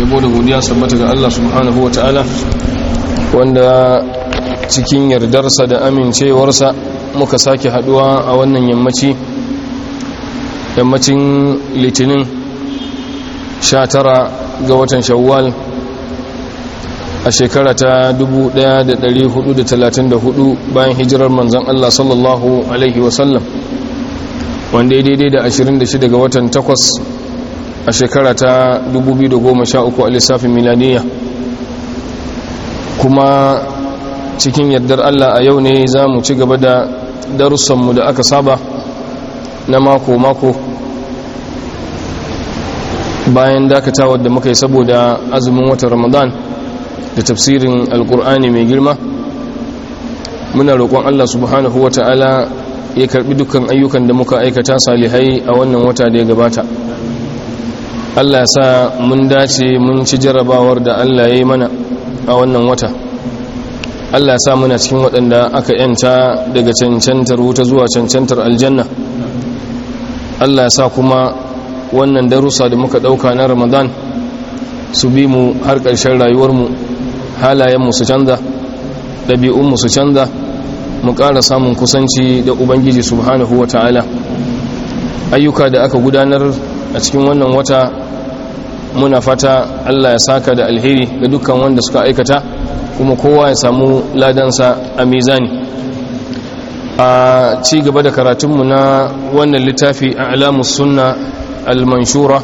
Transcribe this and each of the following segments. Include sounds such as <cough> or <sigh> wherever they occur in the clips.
yabo da godiya sabbata ga Allah subhanahu wa ta'ala wanda cikin yardarsa da amincewarsa muka sake haduwa a wannan yammaci yammacin litinin 19 ga watan shawwal a shekara ta 1434 bayan hijirar manzan Allah sallallahu alaihi wasallam wanda ya daidai da 26 ga watan 8 a shekara ta 2013 a lissafin milaniya kuma cikin yardar Allah a yau ne za mu ci gaba da darussanmu da aka saba na mako-mako bayan dakatawar da muka yi saboda azumin watan ramadan da tafsirin alkur'ani mai girma muna roƙon Allah subhanahu wa ta'ala ya karbi dukkan ayyukan da muka aikata salihai a wannan wata da ya gabata Allah ya sa mun dace mun ci jarabawar da Allah ya yi mana a wannan wata Allah ya sa muna cikin waɗanda aka yanta daga cancantar wuta zuwa cancantar aljanna Allah ya sa kuma wannan darussa da muka ɗauka na ramadan su bi mu har ƙarshen rayuwarmu halayenmu su canza ɗabi'unmu su canza mu ƙara samun kusanci da ubangiji subhanahu wa ta'ala ayyuka da aka gudanar a cikin wannan wata muna fata allah ya saka da alheri ga dukkan wanda suka aikata kuma kowa ya samu ladansa a mizani a ci gaba da karatunmu na wannan littafi a alamus sunna al-manshura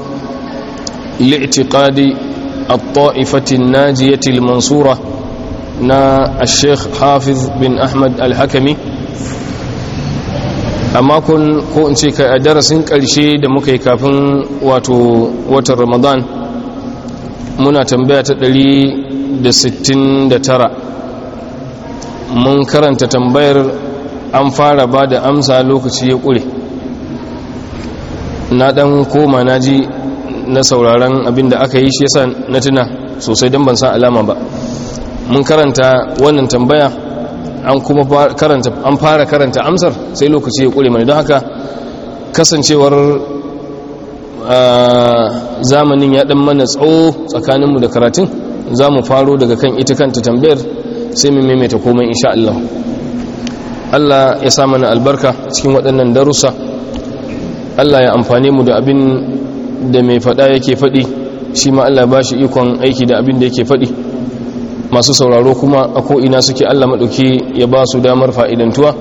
الطائفة الناجية المنصورة na الشيخ حافظ بن أحمد الحكمي amma kun ko in ce kai a darasin ƙarshe da muka yi kafin wato watan ramadan muna tambaya ta 169 mun karanta tambayar an fara ba da amsa lokaci ya ƙure na ɗan koma na ji na sauraron abin da aka yi shi yasa na tuna sosai don ban san alama ba mun karanta wannan tambaya an kuma karanta an fara karanta amsar sai lokaci ya kure mana don haka kasancewar zamanin ya dan mana tsawo tsakaninmu da karatun za mu faro daga kan ita kanta tambayar sai mu maimaita komai insha Allah Allah ya sa mana albarka cikin waɗannan darussa Allah ya amfane mu da abin da mai faɗa yake faɗi shi ma Allah ba shi ikon aiki da abin da yake faɗi masu sauraro kuma a ko'ina suke Allah maɗauki ya ba su damar fa'idantuwa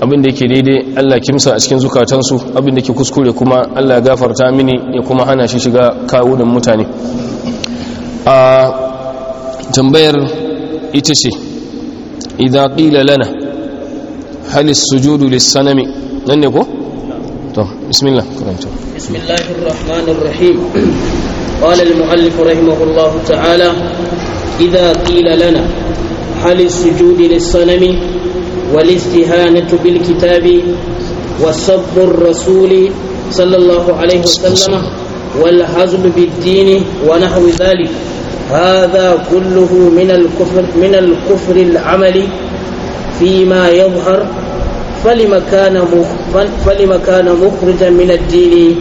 abin da yake daidai Allah kimsa a cikin zukatansu abin da ke kuskure kuma Allah gafarta mini ya kuma hana shi shiga kawunan mutane a tambayar ita ce idan ƙila lana halis su sujudu lissanami nan ne ko بسم الله بسم الله الرحمن الرحيم قال المؤلف رحمه الله تعالى إذا قيل لنا هل السجود للصنم والاستهانة بالكتاب وسب الرسول صلى الله عليه وسلم والهزم بالدين ونحو ذلك هذا كله من الكفر من الكفر العملي فيما يظهر فلم كان فلم كان مخرجا من الدين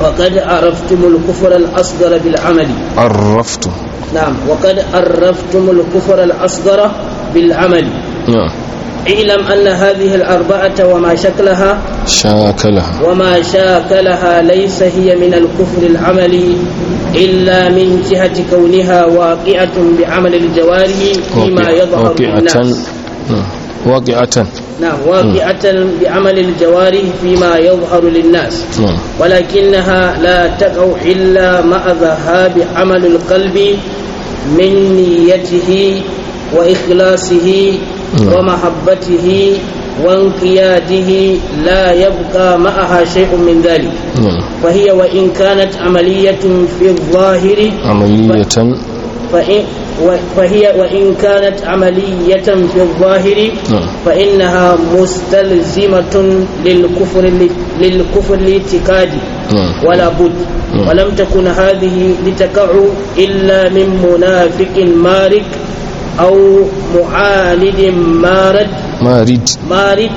وقد عرفتم الكفر الأصغر بالعمل عرفتم نعم وقد عرفتم الكفر الأصغر بالعمل نعم اعلم أن هذه الأربعة وما شكلها شاكلها وما شاكلها ليس هي من الكفر العملي إلا من جهة كونها واقعة بعمل الجوارح فيما يظهر للناس نعم waƙi'atan na waƙi'atan bi amalin jawari fi ma yau linnas walakin la ta illa ma a zaha bi wa ikhlasihi wa mahabbatihi wan la yabqa ma'aha shay'un min dhalik kanat amaliyatan fi فهي وإن كانت عملية في الظاهر نعم. فإنها مستلزمة للكفر للكفر الاعتقادي نعم. ولا بد نعم. ولم تكن هذه لتقع إلا من منافق مارك أو معاند مارد مارد مارد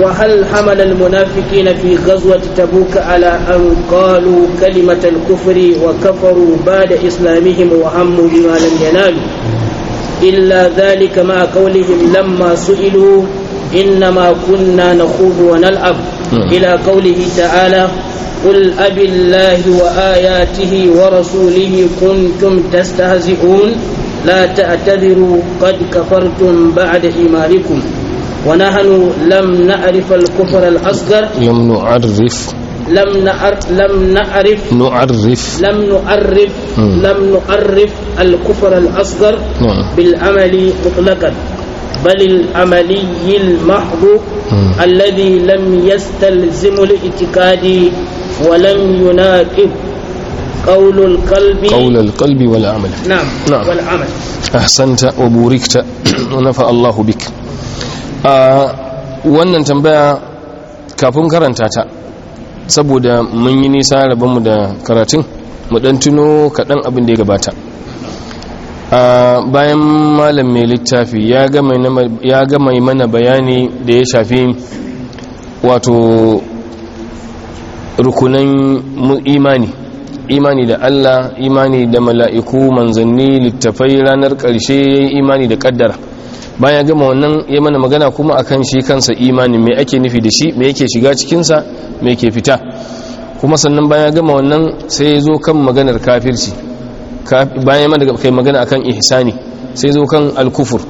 وهل حمل المنافقين في غزوة تبوك على أن قالوا كلمة الكفر وكفروا بعد إسلامهم وهموا بما لم ينالوا إلا ذلك مع قولهم لما سئلوا إنما كنا نخوض ونلعب إلى قوله تعالى قل أب الله وآياته ورسوله كنتم تستهزئون لا تعتذروا قد كفرتم بعد إيمانكم ونحن لم نعرف الكفر الأصغر لم نعرف لم نعرف لم نعرف نعرف لم نعرف لم نعرف الكفر الأصغر نعم. بالعمل مطلقا بل العملي المحض الذي لم يستلزم الاعتقاد ولم يناقض قول القلب قول القلب والعمل نعم, نعم. والعمل أحسنت وبوركت <clears throat> ونفع الله بك a wannan tambaya kafin karanta ta saboda mun yi nisa rabonmu da karatun mu dan tuno kaɗan abin da ya gabata bayan malam mai littafi ya gama mana bayani da ya shafi wato rukunan imani imani da Allah imani da mala'iku manzanni littafai ranar ƙarshe imani da ƙaddara bayan gama wannan ya mana magana kuma akan shi kansa imani me ake nufi da shi me yake shiga cikinsa me ke fita kuma sannan bayan gama wannan sai ya zo kan maganar kafirci bayan ma daga kai magana akan ihsani sai zo kan alkufur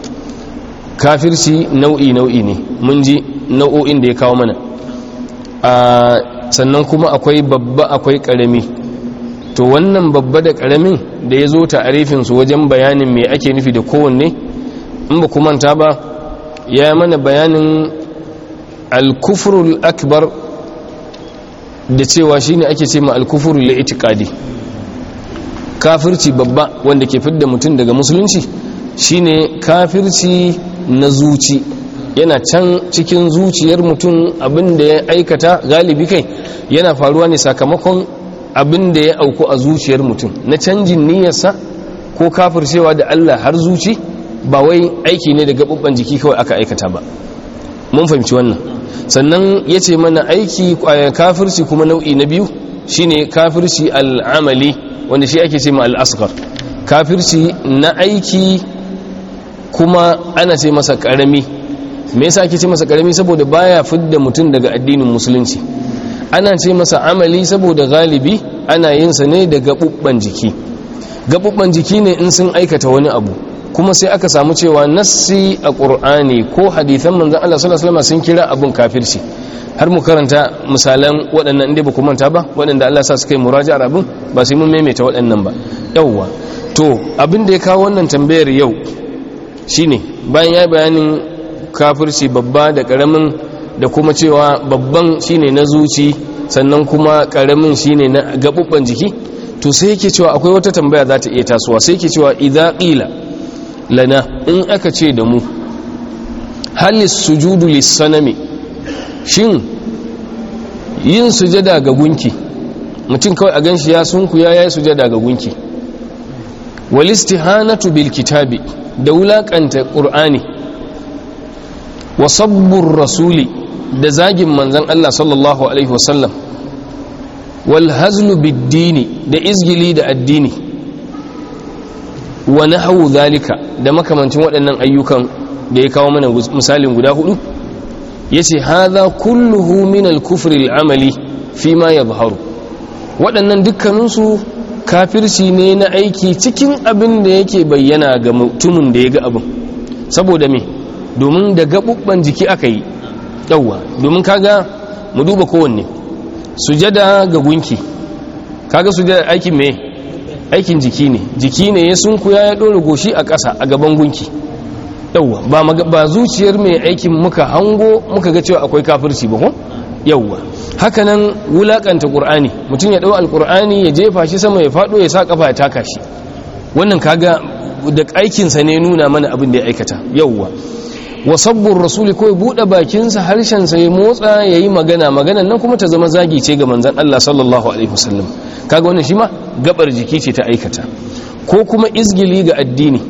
kafirci nau'i nau'i ne mun ji nau'o'in da ya kawo mana sannan kuma akwai babba akwai karami to wannan babba da karamin da ya zo ta'arifinsu wajen bayanin me ake nufi da kowanne in ba manta ba ya yi mana bayanin alkufurul akbar da cewa shine ake ce ma alkufurul itikadi kafirci babba wanda ke fidda mutum daga musulunci shine kafirci na zuci yana can cikin zuciyar mutum abin ya aikata galibi kai yana faruwa ne sakamakon abinda ya auku a zuciyar mutum na canjin niyyarsa ko kafircewa da Allah har zuci ba wai aiki ne da gaɓuɓɓen jiki kawai aka aikata ba mun fahimci wannan sannan ya ce mana aiki eh, kafirci kuma nau'i na biyu shine kafirci al'amali wanda shi ake ce ma al'asgar kafirci na aiki kuma ana ce masa ƙarami me yasa ake ce masa karami saboda baya fidda mutum daga addinin musulunci ana ce masa amali saboda galibi ana yin sa ne da gaɓuɓɓen jiki gaɓuɓɓen jiki ne in sun aikata wani abu kuma sai aka samu cewa nassi a ƙur'ani ko hadithan manzan Allah sallallahu alaihi sun kira abin kafirci har mu karanta misalan waɗannan inda ba ku manta ba waɗanda Allah sa su kai a abin ba sai mun maimaita waɗannan ba yauwa to abin da ya kawo wannan tambayar yau shine bayan ya yi bayanin kafirci babba da ƙaramin da kuma cewa babban shine na zuci sannan kuma ƙaramin shine na gaɓuɓɓen jiki to sai yake cewa akwai wata tambaya za ta iya tasowa sai yake cewa idza qila lana in aka ce da mu halis sujudu lissanami shin yin sujada ga gunki mutum kawai a gan shi ya sunku ya yi sujada ga gunki walistihanatu bil kitabi da wulaƙanta ƙur'ani wa rasuli da zagin manzan Allah sallallahu alaihi wasallam wal biddini da izgili da addini wa nahwu zalika da makamancin waɗannan ayyukan da ya kawo mana misalin guda hudu yace haza kulluhu min al-kufri al-amali fi ma ya yadhharu waɗannan dukkaninsu kafirci ne na aiki cikin abin da yake bayyana ga mutumin da ya ga abin saboda me domin da gaɓuɓɓen jiki aka yi ɗauwa domin kaga mu duba kowanne sujada ga gunki kaga sujada aikin me aikin jiki ne jiki ne ya sunkuya ya ɗora goshi a ƙasa a gaban gunki Yauwa ba zuciyar mai aikin muka hango muka ga cewa akwai kafirci ba ko Yauwa hakanan wulaƙanta Kur'ani mutum ya ɗau alƙur'ani ya jefa shi sama ya faɗo ya sa ƙafa ya taka shi wannan kaga da aikinsa ne nuna mana abin da ya aikata yauwa. wa sabbin rasuli ko ya buɗe bakinsa harshensa ya motsa ya yi magana maganan nan kuma ta zama zagi ce ga manzan Allah sallallahu alaihi wasallam kaga wani shi ma gabar jiki ce ta aikata ko kuma izgili ga addini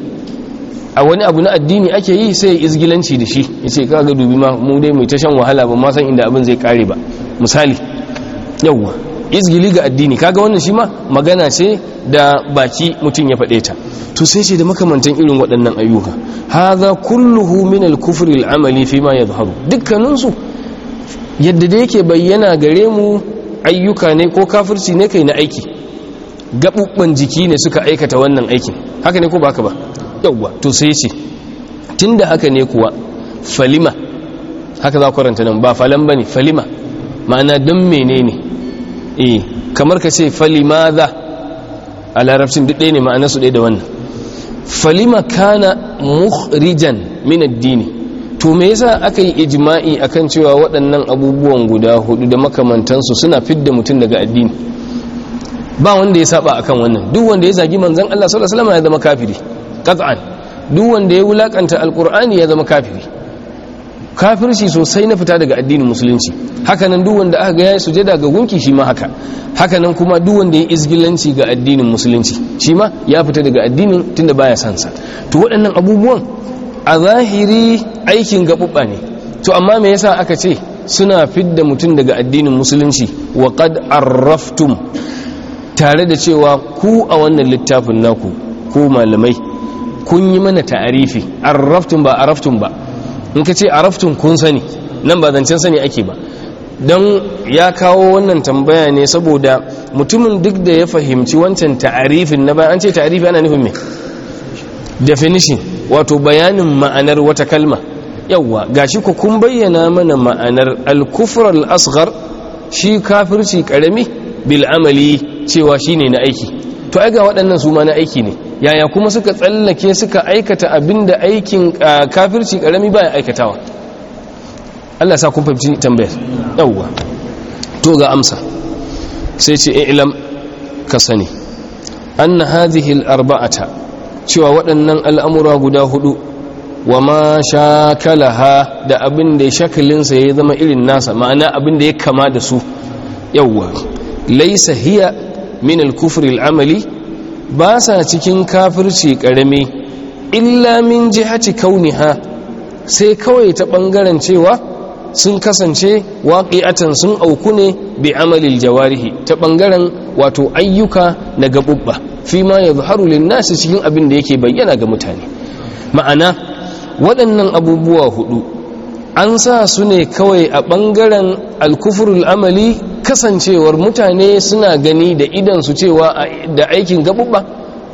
a wani abu na addini ake yi sai izgilanci da shi ya ce kaga dubi ma mu dai mai tashan shan wahala ba ma san inda abin zai kare ba misali yawwa izgili ga addini kaga wannan shi ma magana ce da baki mutum ya faɗe ta to sai ce da makamantan irin waɗannan ayyuka haza kulluhu min al kufr al-amali fi ma yadhharu dukkanin su yadda da yake bayyana gare mu ayyuka ne ko kafirci ne kai na aiki gabubban jiki ne suka aikata wannan aikin haka ne ko ba haka ba Ya'uwa. to sai ce tunda haka ne kuwa falima haka za ku karanta nan ba falan bane falima ma'ana don menene eh kamar ka ce za a larabcin duk ɗaya ne ma'ana su ɗaya da wannan falima kana muhrijan min addini to me yasa aka yi ijma'i akan cewa waɗannan abubuwan guda hudu da makamantansu suna fidda mutum daga addini ba wanda ya saba akan wannan duk wanda ya zagi manzon Allah sallallahu alaihi wasallam ya zama kafiri qat'an duk wanda ya wulakanta alqur'ani ya zama kafiri kafirci sosai na fita daga addinin musulunci hakanan duk wanda aka ga yayi sujada ga gunki shi ma haka hakanan kuma duk wanda yayi izgilanci ga addinin musulunci shi ma ya fita daga addinin tunda baya san sa to waɗannan abubuwan a zahiri aikin gabubba ne to amma me yasa aka ce suna fidda mutum daga addinin musulunci wa qad arraftum tare da cewa ku a wannan littafin naku ku malamai kun yi mana ta'arifi arraftun ba arraftun ba in ka ce a raftun kun sani nan ba zancen sani ake ba don ya kawo wannan tambaya ne saboda mutumin duk da ya fahimci wancan ta'arifin na bayan an ce ta'arifi ana nufin mai definition wato bayanin ma'anar wata kalma yawwa shi ku kun bayyana mana ma'anar al-kufr al shi kafirci karami bil amali cewa shine na aiki to ai ga waɗannan su ma na aiki ne yaya kuma suka tsallake suka aikata abinda aikin kafirci karami baya aikatawa Allah sa kun fahimci tambayar yawwa to ga amsa sai ce ilam ka sani anna hadhihi al-arba'ata cewa waɗannan al'amura guda hudu wa ma shakalaha da abin da shakalinsa ya zama irin nasa ma'ana abin da ya kama da su yawwa laisa hiya min al-kufri al-amali ba sa cikin kafirci ƙarami illa min jihati kauniha sai kawai ta ɓangaren cewa sun kasance waƙi'atan sun auku ne bi amalil jawarihi ta ɓangaren wato ayyuka na gaɓuɓɓa fi ma ya zuharu linnasi cikin abin da yake bayyana ga mutane ma'ana waɗannan abubuwa hudu an sa su ne kawai a ɓangaren alkufurul amali kasancewar mutane suna gani da su cewa da aikin gaɓuɓɓa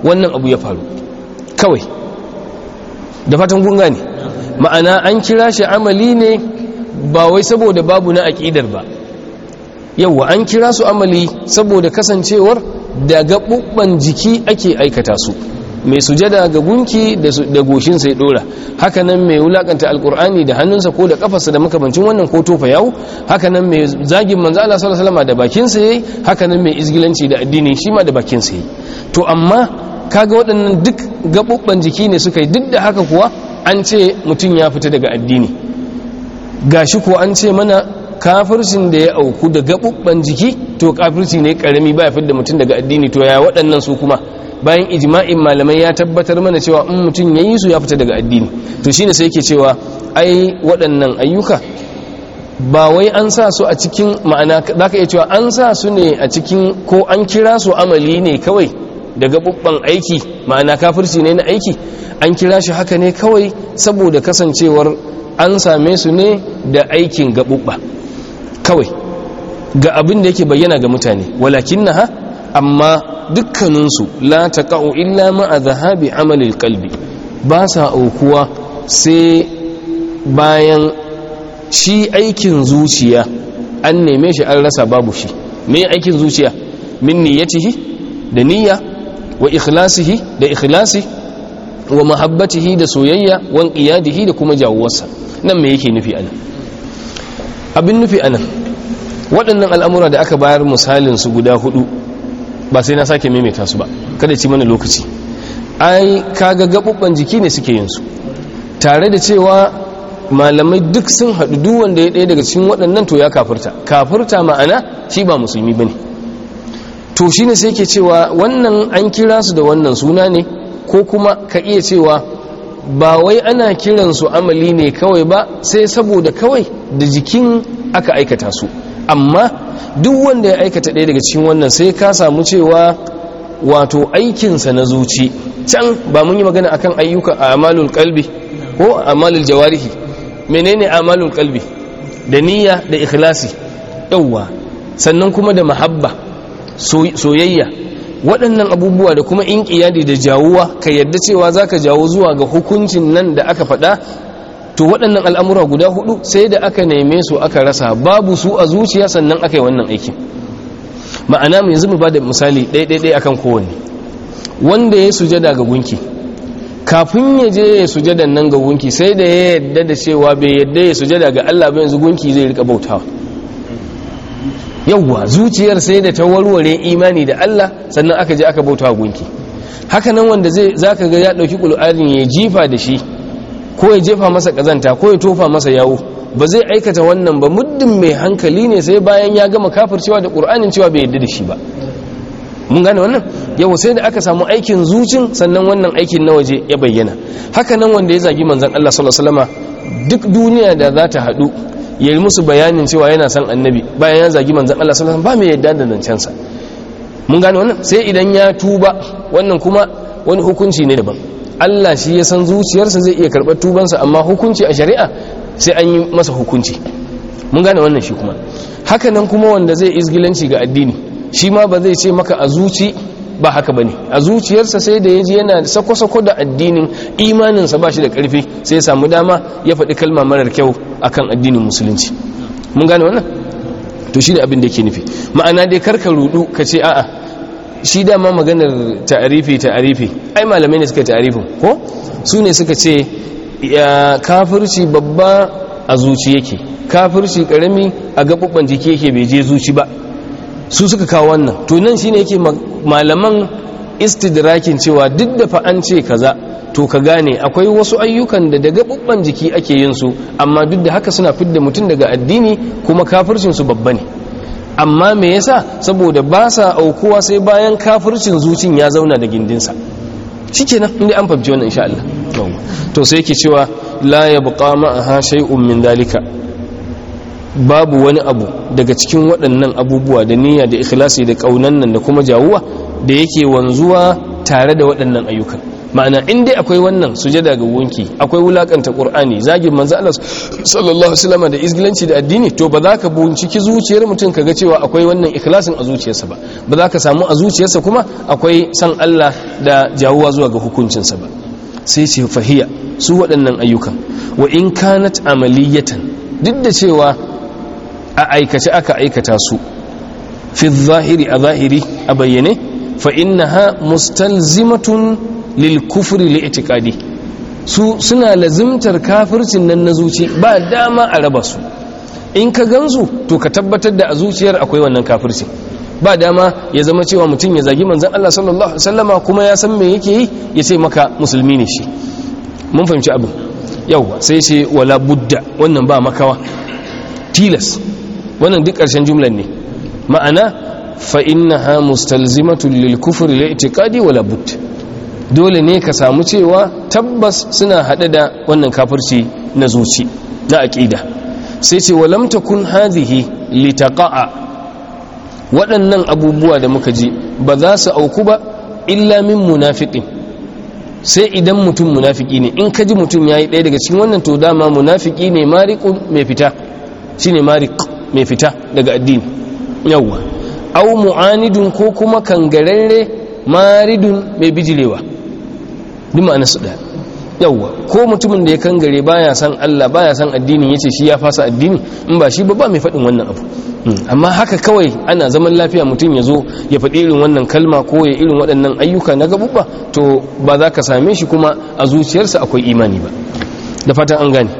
wannan abu ya faru kawai da fatan gunga ne. ma'ana an kira shi amali ne ba wai saboda babu na aƙidar ba yauwa an kira su amali saboda kasancewar da gaɓuɓɓan jiki ake aikata su mai sujada ga gunki da goshinsa ya dora haka nan mai wulakanta alkur'ani da hannunsa ko da kafarsa da makamancin wannan ko tofa yau haka mai zagin manzo Allah sallallahu alaihi wasallam da bakinsa yayi haka nan mai izgilanci da addini shi ma da bakinsa yayi to amma kaga waɗannan duk gaɓuɓɓan jiki ne suka yi duk da haka kuwa an ce mutum ya fita daga addini gashi ko an ce mana kafircin da ya auku da gaɓuɓɓan jiki to kafirci ne karami ba ya fitar da mutum daga addini to ya waɗannan su kuma bayan ijma'in malamai ya tabbatar mana cewa in mutum ya yi su ya fita daga addini to shine sai yake cewa ai waɗannan ayyuka ba wai an sa su a cikin ma'ana za ka iya cewa an sa su ne a cikin ko an kira su amali ne kawai da gaɓuɓɓen aiki ma'ana kafirci ne na aiki an kira shi haka ne kawai saboda kasancewar an same su ne da aikin gaɓuɓɓa kawai ga abin da yake bayyana ga mutane walakin na ha amma dukkaninsu la ta taqa'u illa ma'a zahabi amalin kalbi ba sa aukuwa sai bayan shi aikin zuciya an neme shi an rasa babu shi me aikin zuciya min niyyatihi da niyya wa ikhlasihi da ikhlasi wa mahabbatihi da soyayya wa iyadihi da kuma jawuwarsa nan me yake nufi anan abin nufi anan waɗannan al'amura da aka bayar misalin su guda hudu ba sai na sake maimaita su ba kada ci mana lokaci ai kaga gabubban jiki ne suke yin su tare da cewa malamai duk sun haɗu duk wanda ya ɗaya daga cikin waɗannan to ya kafirta kafirta ma'ana shi ba musulmi bane to shine sai ke cewa wannan an kira su da wannan suna ne ko kuma ka iya cewa ba wai ana kiran su amali ne kawai ba sai saboda kawai da jikin aka aikata su amma duk wanda ya aikata ɗaya daga cikin wannan sai ka samu cewa wato aikinsa na zuci can ba mun yi magana akan ayyuka a amalul kalbi ko amalul jawarihi menene amalul kalbi da niyya da ikhlasi yawwa sannan kuma da mahabba soyayya waɗannan abubuwa da kuma inƙiyadi da jawuwa ka yarda cewa za ka jawo zuwa ga hukuncin nan da aka faɗa to waɗannan al'amura guda hudu sai da aka neme su aka rasa babu su a zuciya sannan aka yi wannan aikin ma'ana mai zumi ba da misali ɗaiɗaiɗai akan kowane wanda ya sujada ga gunki kafin ya je ya sujada nan ga gunki sai da ya yadda da cewa bai yadda ya sujada ga allah ba yanzu gunki zai rika bautawa yawwa zuciyar sai da ta warware imani da allah sannan aka je aka bautawa gunki haka nan wanda zai zaka ga ya ɗauki ƙul'arin ya jifa da shi ko ya jefa masa kazanta ko ya tofa masa yawo ba zai aikata wannan ba muddin mai hankali ne sai bayan ya gama cewa da qur'anin cewa bai yadda da shi ba mun gane wannan yawa sai da aka samu aikin zucin sannan wannan aikin na waje ya bayyana haka nan wanda ya zagi manzon Allah sallallahu alaihi duk duniya da za ta hadu ya yi musu bayanin cewa yana son annabi bayan ya zagi manzon Allah sallallahu alaihi ba mai yadda da zancen mun gane wannan sai idan ya tuba wannan kuma wani hukunci ne daban Allah shi ya san zuciyarsa zai iya karɓar tubansa amma hukunci a shari'a sai an yi masa hukunci mun gane wannan shi kuma haka nan kuma wanda zai izgilanci ga addini shi ma ba zai ce maka a zuci ba haka ba ne a zuciyarsa sai da ya ji yana sako-sako da addinin imaninsa ba shi da karfi sai ya samu dama ya faɗi kalma marar kyau a kan addinin musulunci mun gane wannan to shi da abin da yake nufi ma'ana dai karka rudu ka ce a'a shi dama maganar ta'arifi ta'arifi ai malamai ne suka ta'arifin ko su ne suka ce kafirci babba a zuci yake kafirci karami a gabubban jiki yake bai je zuci ba su suka kawo wannan to nan shi ne yake malaman istidrakin cewa duk da fa ce kaza to ka gane akwai wasu ayyukan da daga bubban jiki ake yin su amma duk da haka suna fidda mutum daga addini kuma kafircinsu babba ne amma me yasa saboda ba sa aukuwa sai bayan kafircin zucin ya zauna da gindinsa shikenan inda an fahimci wannan insha Allah to sai yake cewa la yabqa ma'aha shay'un min dalika babu wani abu daga cikin waɗannan abubuwa da niyya da ikhlasi da kaunan nan da kuma jawuwa da yake wanzuwa tare da waɗannan ayyukan ma'ana in akwai wannan sujada ga wunki akwai wulakanta qur'ani zagin manzo Allah sallallahu alaihi wasallam da izgilanci da addini to ba za ka binciki zuciyar mutum ka ga cewa akwai wannan ikhlasin a zuciyarsa ba ba za ka samu a zuciyarsa kuma akwai san Allah da jawuwa zuwa ga hukuncinsa ba sai ce fahiya su waɗannan ayyukan wa in kanat amaliyatan duk da cewa a aikace aka aikata su fi zahiri a zahiri a bayyane fa innaha mustalzimatun lil kufri li itiqadi su suna lazimtar kafircin nan na zuci ba dama a raba su in ka gansu to ka tabbatar da a zuciyar akwai wannan kafirci ba dama ya zama cewa mutum ya zagi manzan Allah sallallahu alaihi wasallama kuma ya san me yake yi ya ce maka musulmi ne shi mun fahimci abin yawa sai ce wala budda wannan ba makawa tilas wannan duk karshen jumlar ne ma'ana fa innaha mustalzimatu lil kufri li i'tiqadi wala budda dole ne ka samu cewa tabbas suna haɗe da wannan kafirci na zuci na aƙida sai ce walam takun hadhihi litaqa'a waɗannan abubuwa da muka ji ba za su auku ba illa min munafiqin sai idan mutum munafiki ne in ka ji mutum ya yi ɗaya daga cikin wannan to dama munafiki ne mariqun mai fita shine mariq mai fita daga addini yawwa au mu'anidun ko kuma kangararre maridun mai bijilewa duk ma'ana su ɗaya yauwa ko mutumin da ya kangare baya san Allah baya san addini ce shi ya fasa addini in ba shi ba ba mai faɗin wannan abu hmm, amma haka kawai ana zaman lafiya mutum ya zo ya faɗi irin wannan kalma ko ya irin waɗannan ayyuka na gabubba to ba za ka same shi kuma a zuciyarsa akwai imani ba da fatan an gane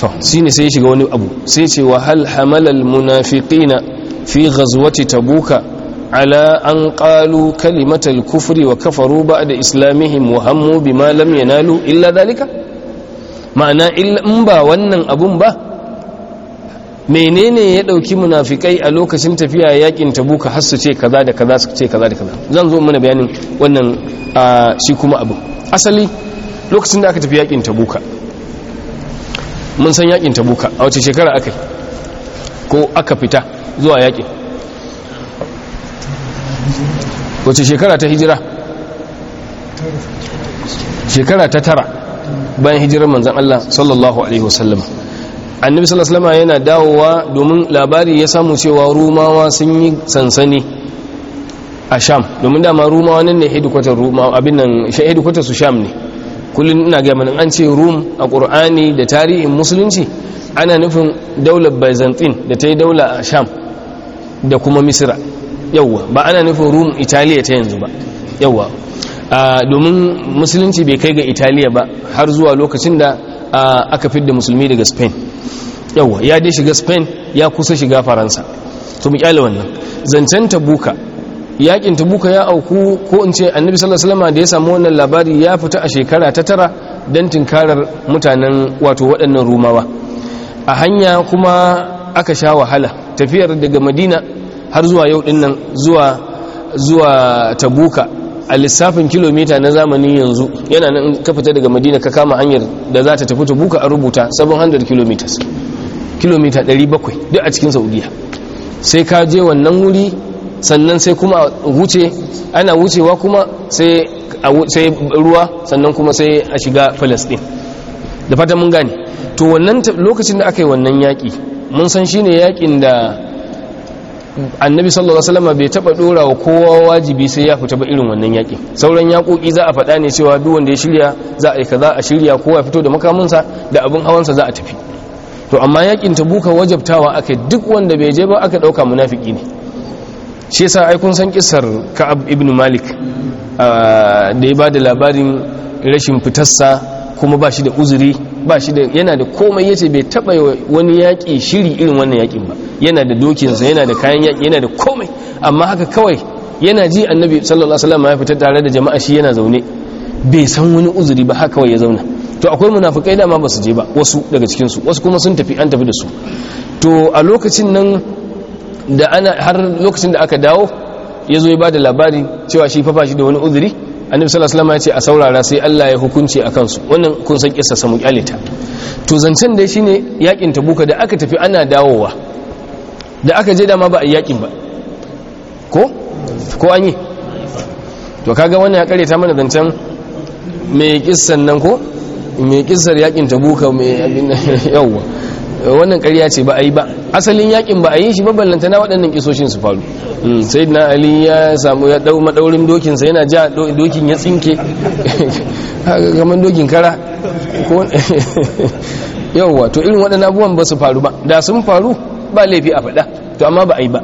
to shine sai ya shiga wani abu sai ce wa hal hamalal munafiqina fi ghazwati tabuka ala an قالوا kalimatal kufri wa kafaru إسلامهم وهموا بما لم ينالوا إلا yanalu illa إلا ma'ana in ba wannan abun ba menene ya dauki munafikai a lokacin tafiya yakin tabuka har su ce kaza da kaza su ce kaza da kaza zan zo mana bayanin wannan shi kuma abu asali lokacin da aka tafi yakin tabuka mun san yakin tabuka a wace shekara aka ko aka fita zuwa yakin wace shekara ta hijira shekara ta tara bayan hijirar manzan Allah sallallahu alaihi wasallam annabi sallallahu alaihi yana dawowa domin labari ya samu cewa rumawa sun yi sansani a sham domin dama rumawa nan ne hedikwatar rumawa abin nan hedikwatar su sham ne kullum ina ga manin an ce rum a ƙur'ani da tarihin musulunci ana nufin daular byzantine da ta yi daula a sham da kuma misira yawwa ba ana nufin rum italiya ta yanzu ba yawwa domin musulunci bai kai ga italiya ba har zuwa lokacin da aka fidda musulmi daga spain yawwa ya dai shiga spain ya kusa shiga faransa to mu wannan zancen tabuka yakin tabuka ya auku ko in ce annabi sallallahu alaihi wasallam da ya samu wannan labari ya fita a shekara ta tara dan tinkarar mutanen wato waɗannan rumawa a hanya kuma aka sha wahala tafiyar daga madina har zuwa yau din nan zuwa zuwa tabuka a lissafin kilomita na zamani yanzu yana nan ka fita daga madina ka kama hanyar da za ta tafi tabuka a rubuta 700 km kilomita 700 duk a cikin saudiya sai ka je wannan wuri sannan sai kuma wuce ana wucewa kuma sai a ruwa sannan kuma sai a shiga palestine da fata mun gane to wannan lokacin da aka yi wannan yaki mun san shine yakin da annabi sallallahu alaihi wasallam bai taba dora wa kowa wajibi sai ya fita ba irin wannan yaki sauran yakoki za a faɗa ne cewa duk wanda ya shirya za a yi kaza a shirya kowa ya fito da sa da abin hawansa za a tafi to amma yakin buka wajabtawa akai duk wanda bai je ba aka dauka munafiki ne shi yasa ai kun san kissar ka'ab ibn malik ah, da ya ba da labarin rashin fitarsa kuma ba shi da uzuri ba shi da yana da komai yace bai taba wani yaƙi shiri irin wannan yaƙin ba yana da dokinsa yana da kayan yaƙi yana da komai amma haka kawai yana ji annabi sallallahu alaihi wasallam ya fita tare da jama'a shi yana zaune bai san wani uzuri ba haka kawai ya zauna to akwai munafikai da ma ba su je ba wasu daga cikin su wasu kuma sun tafi an tafi da su to a lokacin nan da ana har lokacin da aka dawo ya zo ya ba da labari cewa shi fafa shi da wani uzuri annabi sallallahu alaihi ya ce a saurara sai Allah ya hukunci a kansu wannan kun san kissa samu kyalita to zancen da shine yakin tabuka da aka tafi ana dawowa da aka je dama ba a yakin ba ko ko an yi to kaga wannan ya kare ta mana zancen mai kissan nan ko mai kissar yakin tabuka mai abin <laughs> yawwa wannan ƙarya ce ba a yi ba asalin yakin ba a yi shi ba ballanta na waɗannan kisoshin su faru hmm, sai na ali ya samu ya ɗau maɗaurin dokin sai yana ja dokin ya tsinke <laughs> kamar dokin kara <laughs> yawwa to irin waɗannan abubuwan ba su faru ba da sun faru ba laifi a faɗa to amma ba a yi ba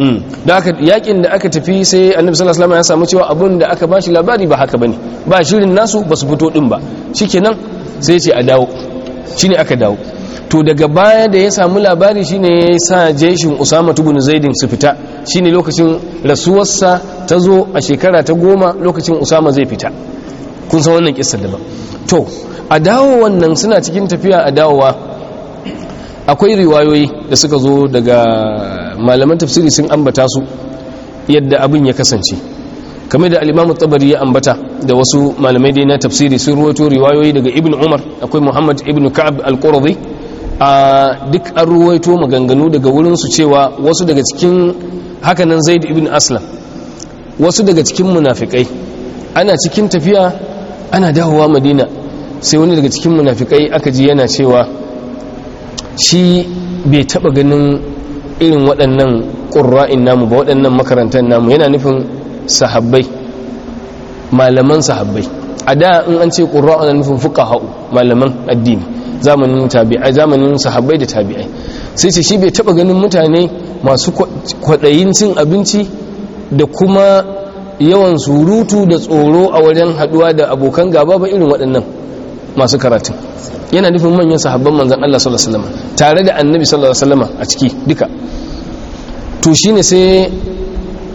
hmm, da aka yakin da aka tafi sai annabi sallallahu alaihi ya samu cewa abun da aka bashi labari ba haka bane ba shirin nasu ba su fito din ba shikenan sai ce a dawo shine aka dawo to daga baya da ya samu labari shine ya sa jeshin usama tubun zaidin su fita shine lokacin rasuwarsa ta zo a shekara ta goma lokacin usama zai fita kun san wannan da daban to a dawo wannan suna cikin tafiya a dawowa akwai riwayoyi da suka zo daga malaman tafsiri sun ambata su yadda abin ya kasance kamar da alimamu tabari ya ambata da wasu malamai dai na tafsiri sun ruwato riwayoyi daga ibn umar akwai muhammad ibn ka'ab al-qurdi a duk an ruwaito maganganu daga wurinsu cewa wasu daga cikin hakanan zaid ibn aslam wasu daga cikin munafikai ana cikin tafiya ana dawowa madina sai wani daga cikin munafikai aka ji yana cewa shi bai taba ganin irin waɗannan ƙurra'in namu ba waɗannan makarantar namu yana nufin sahabbai malaman sahabbai a da in an ce na nufin fuka ha'u malaman addini zamanin tabi'ai zamanin sahabbai da tabi'ai sai ce shi bai taba ganin mutane masu kwaɗayin cin abinci da kuma yawan surutu da tsoro a wajen haduwa da abokan gaba ba irin waɗannan masu karatu yana nufin manyan sahabban manzan Allah sallallahu alaihi wasallam tare da annabi sallallahu alaihi wasallam a ciki duka to shine sai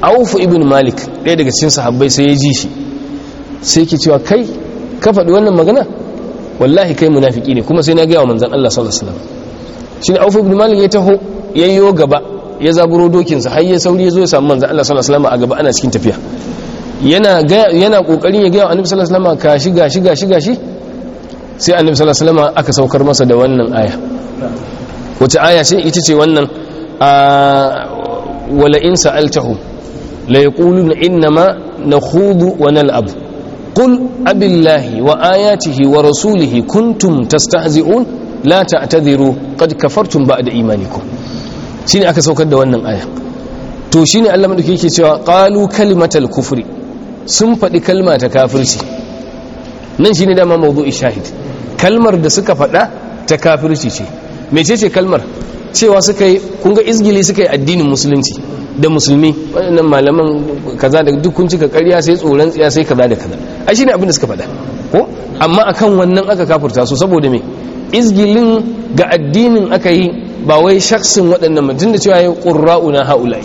Auf ibn Malik ɗaya daga cikin sahabbai sai ya ji shi sai ke cewa kai ka faɗi wannan magana wallahi kai munafiki ne kuma sai na gaya wa manzan Allah sallallahu alaihi wasallam shi aufu ibn malik ya taho yayyo gaba ya zaburo dokinsa har ya sauri ya zo ya samu manzan Allah sallallahu alaihi wasallam a gaba ana cikin tafiya yana yana kokarin ya gaya wa annabi sallallahu alaihi wasallam ka shiga shiga shiga shi sai annabi sallallahu alaihi wasallam aka saukar masa da wannan aya wace aya ce ita ce wannan wala in sa'altahu la yaquluna ma nakhudu wa nal'abu قل أب الله وآياته ورسوله كنتم تستعزئون لا تعتذروا قد كفرتم بعد إيمانكم شيني أكا سوكد وانا آية تو شيني ألا مدكي كيسوا قالوا كلمة الكفر سنفد كلمة كافرتي nan shine dama mawdu'i shahid kalmar da لا faɗa ta kafirci ce mecece kalmar cewa suka yi kun ga izgili suka yi addinin musulunci da musulmi waɗannan malaman kaza da duk kun cika ƙarya sai tsoron tsiya sai kaza da kaza shi ne abin da suka faɗa ko amma akan wannan aka kafurta su saboda mai izgilin ga addinin aka yi ba wai shaksin waɗannan mutum da cewa ya na ha'ulai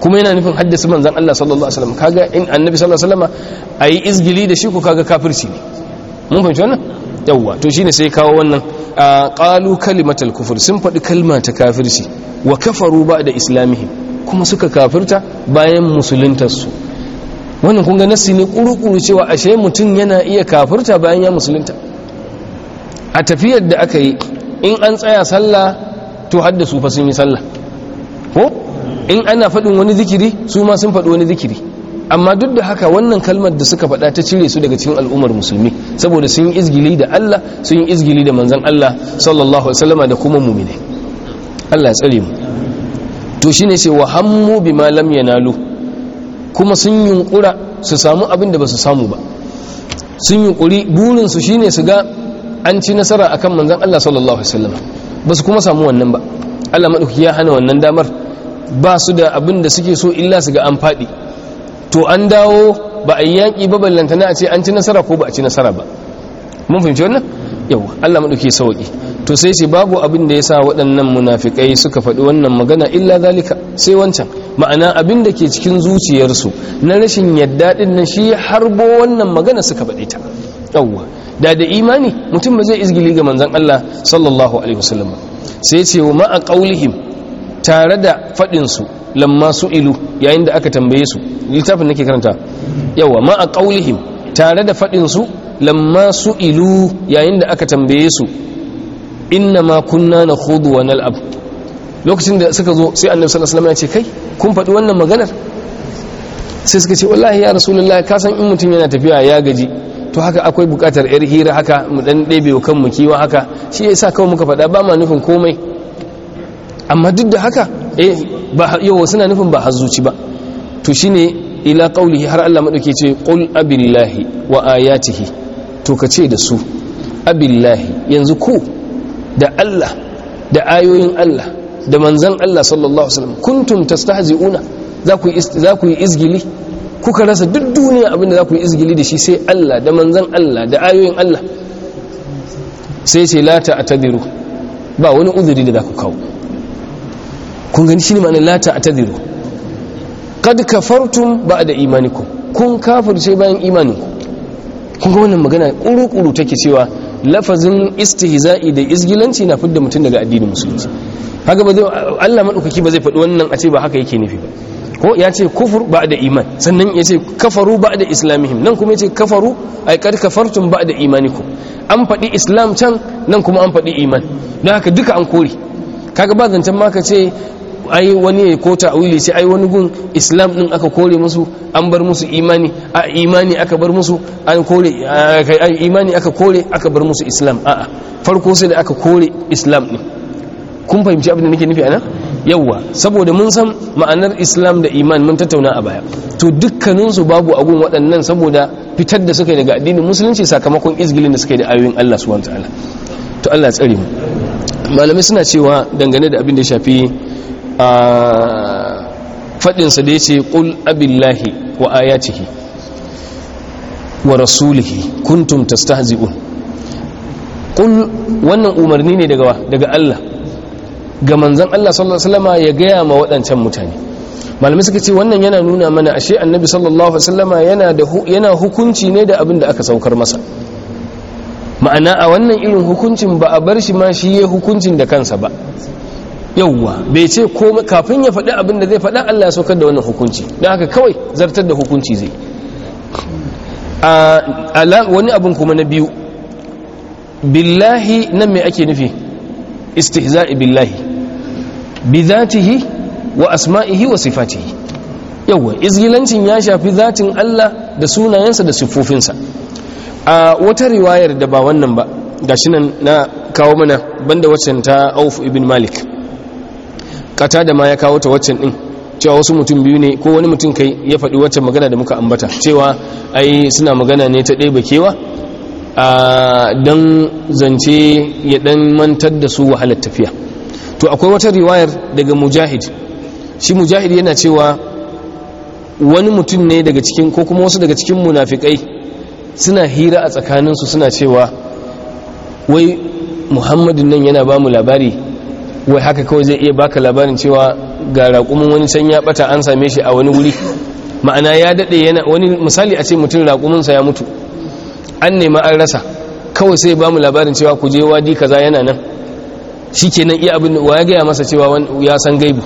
kuma yana nufin haddasa manzan Allah sallallahu alaihi wasallam kaga in annabi sallallahu alaihi wasallam ayi izgili da shi ko kaga kafirci ne mun fahimci wannan yawwa to shine sai kawo wannan qalu kalimatul kufr sun faɗi kalma ta kafirci wa kafaru da islamihim kuma suka kafirta bayan musuluntarsu wannan kun ga nassi ne kurukuru cewa ashe mutum yana iya kafirta bayan ya musulunta a tafiyar da aka yi in an tsaya sallah to haddasu fa sun yi sallah ko in ana faɗin wani zikiri su ma sun faɗi wani zikiri amma duk da haka wannan kalmar da suka faɗa ta cire su daga cikin al'ummar musulmi saboda sun yi izgili da Allah sun yi izgili da manzon Allah sallallahu alaihi wasallama da kuma mu'mini Allah ya tsare mu to shine ce wa hammu bima lam yanalu kuma sun yunkura su samu abin da basu samu ba sun yunkuri burin su shine su ga an ci nasara akan manzon Allah sallallahu alaihi wasallama basu kuma samu wannan ba Allah madauki ya hana wannan damar ba su da abin da suke so illa su ga an faɗi to an dawo ba a yi yaƙi ba ballantana a ce an ci nasara ko ba a ci nasara ba mun fahimci wannan yau allah maɗauki sauƙi to sai ce babu abin da ya sa waɗannan munafikai suka faɗi wannan magana illa zalika sai wancan ma'ana abin da ke cikin zuciyarsu na rashin yadda ɗin nan shi harbo wannan magana suka faɗi ta yawwa da da imani mutum ba zai izgili ga manzon Allah sallallahu alaihi wasallam sai ce wa ma a ƙaulihim. tare da faɗinsu lamma su ilu yayin da aka tambaye su littafin nake karanta yawa ma a ƙaulihim tare da faɗinsu lamma su ilu yayin da aka tambaye su inna ma kunna na hudu wa nal'ab lokacin da suka zo sai annabi sallallahu alaihi wasallam ya ce kai kun faɗi wannan maganar sai suka ce wallahi ya rasulullahi ka san in mutum yana tafiya ya gaji to haka akwai bukatar yar hira haka mu dan ɗebe wa kanmu kiwa haka shi yasa kawai muka faɗa ba ma nufin komai amma duk da haka eh ba yawa suna nufin ba zuci ba to shine ila qaulihi har Allah madauke ce qul abillahi wa ayatihi to kace da su abillahi yanzu ku da Allah da ayoyin Allah da manzan Allah sallallahu alaihi wasallam kuntum tastahzi'una za ku za ku izgili kuka rasa duk duniya abinda za ku yi izgili da shi sai Allah da manzan Allah da ayoyin Allah sai ce la ta'tadiru ba wani uzuri da za ku kawo kun gani shine ma'anar ka ta'tadiru ba ba da imaniku kun sai bayan imaniku kun ga wannan magana kuru ta take cewa lafazin istihza'i da izgilanci na fidda mutum daga addinin musulunci haka ba zai Allah maɗaukaki ba zai faɗi wannan a ce ba haka yake nufi ba ko ya ce kufur ba da iman sannan ya ce kafaru ba da islamihim nan kuma ya ce kafaru ai kad kafartum ba da imaniku an faɗi islam can nan kuma an faɗi iman don haka duka an kore kaga ba zancen ma ka ce ai wani ya ko ta'awili ce ai wani gun islam din aka kore musu an bar musu imani a imani aka bar musu an kore imani aka kore aka bar musu islam a'a farko sai da aka kore islam din kun fahimci abin da nake nufi anan yawwa saboda mun san ma'anar islam da iman mun tattauna a baya to dukkaninsu babu agun waɗannan saboda fitar da suka yi daga addinin musulunci sakamakon izgilin da suka yi da ayoyin Allah subhanahu wataala to Allah ya tsare mu malamai suna cewa dangane da abin da ya shafi faɗinsa da ya ce ƙul abillahi wa ayatihi wa rasulihi kuntum tastahzi'un ƙul wannan umarni ne daga daga Allah ga manzan Allah sallallahu Alaihi wasallama ya gaya ma waɗancan mutane malamai suka ce wannan yana nuna mana ashe annabi sallallahu Alaihi wasallama yana hukunci ne da abin da aka saukar masa ma'ana a wannan irin hukuncin ba a bar shi ma shi ya hukuncin da kansa ba yauwa bai ce ko kafin ya faɗi abin da zai faɗa Allah ya saukar da wannan hukunci don haka kawai zartar da hukunci zai wani abin kuma na biyu billahi nan mai ake nufi istihza'i billahi bi zatihi wa asma'ihi wa sifatihi yauwa izgilancin ya shafi zatin Allah da sunayensa da siffofinsa a wata riwayar da ba wannan ba gashi nan na kawo mana banda wacce ta Auf ibn Malik kata da ma ya kawo ta waccan din cewa wasu mutum biyu ne ko wani mutum kai ya faɗi waccan magana da muka ambata cewa ai suna magana ne ta ɗaya bakewa a don zance ya ɗan mantar da su wahalar tafiya to akwai wata riwayar daga mujahid shi mujahid yana cewa wani mutum ne daga cikin ko kuma wasu daga cikin munafikai suna hira a tsakaninsu suna cewa wai muhammadin nan yana ba mu labari wai haka kawai zai iya baka labarin cewa ga raƙumin wani can ya bata an same shi a wani wuri ma'ana ya daɗe yana wani misali a ce mutum raƙuminsa ya mutu an nema an rasa kawai sai ba mu labarin cewa ku je wadi kaza yana nan shi kenan iya abin wa ya gaya masa cewa ya san gaibu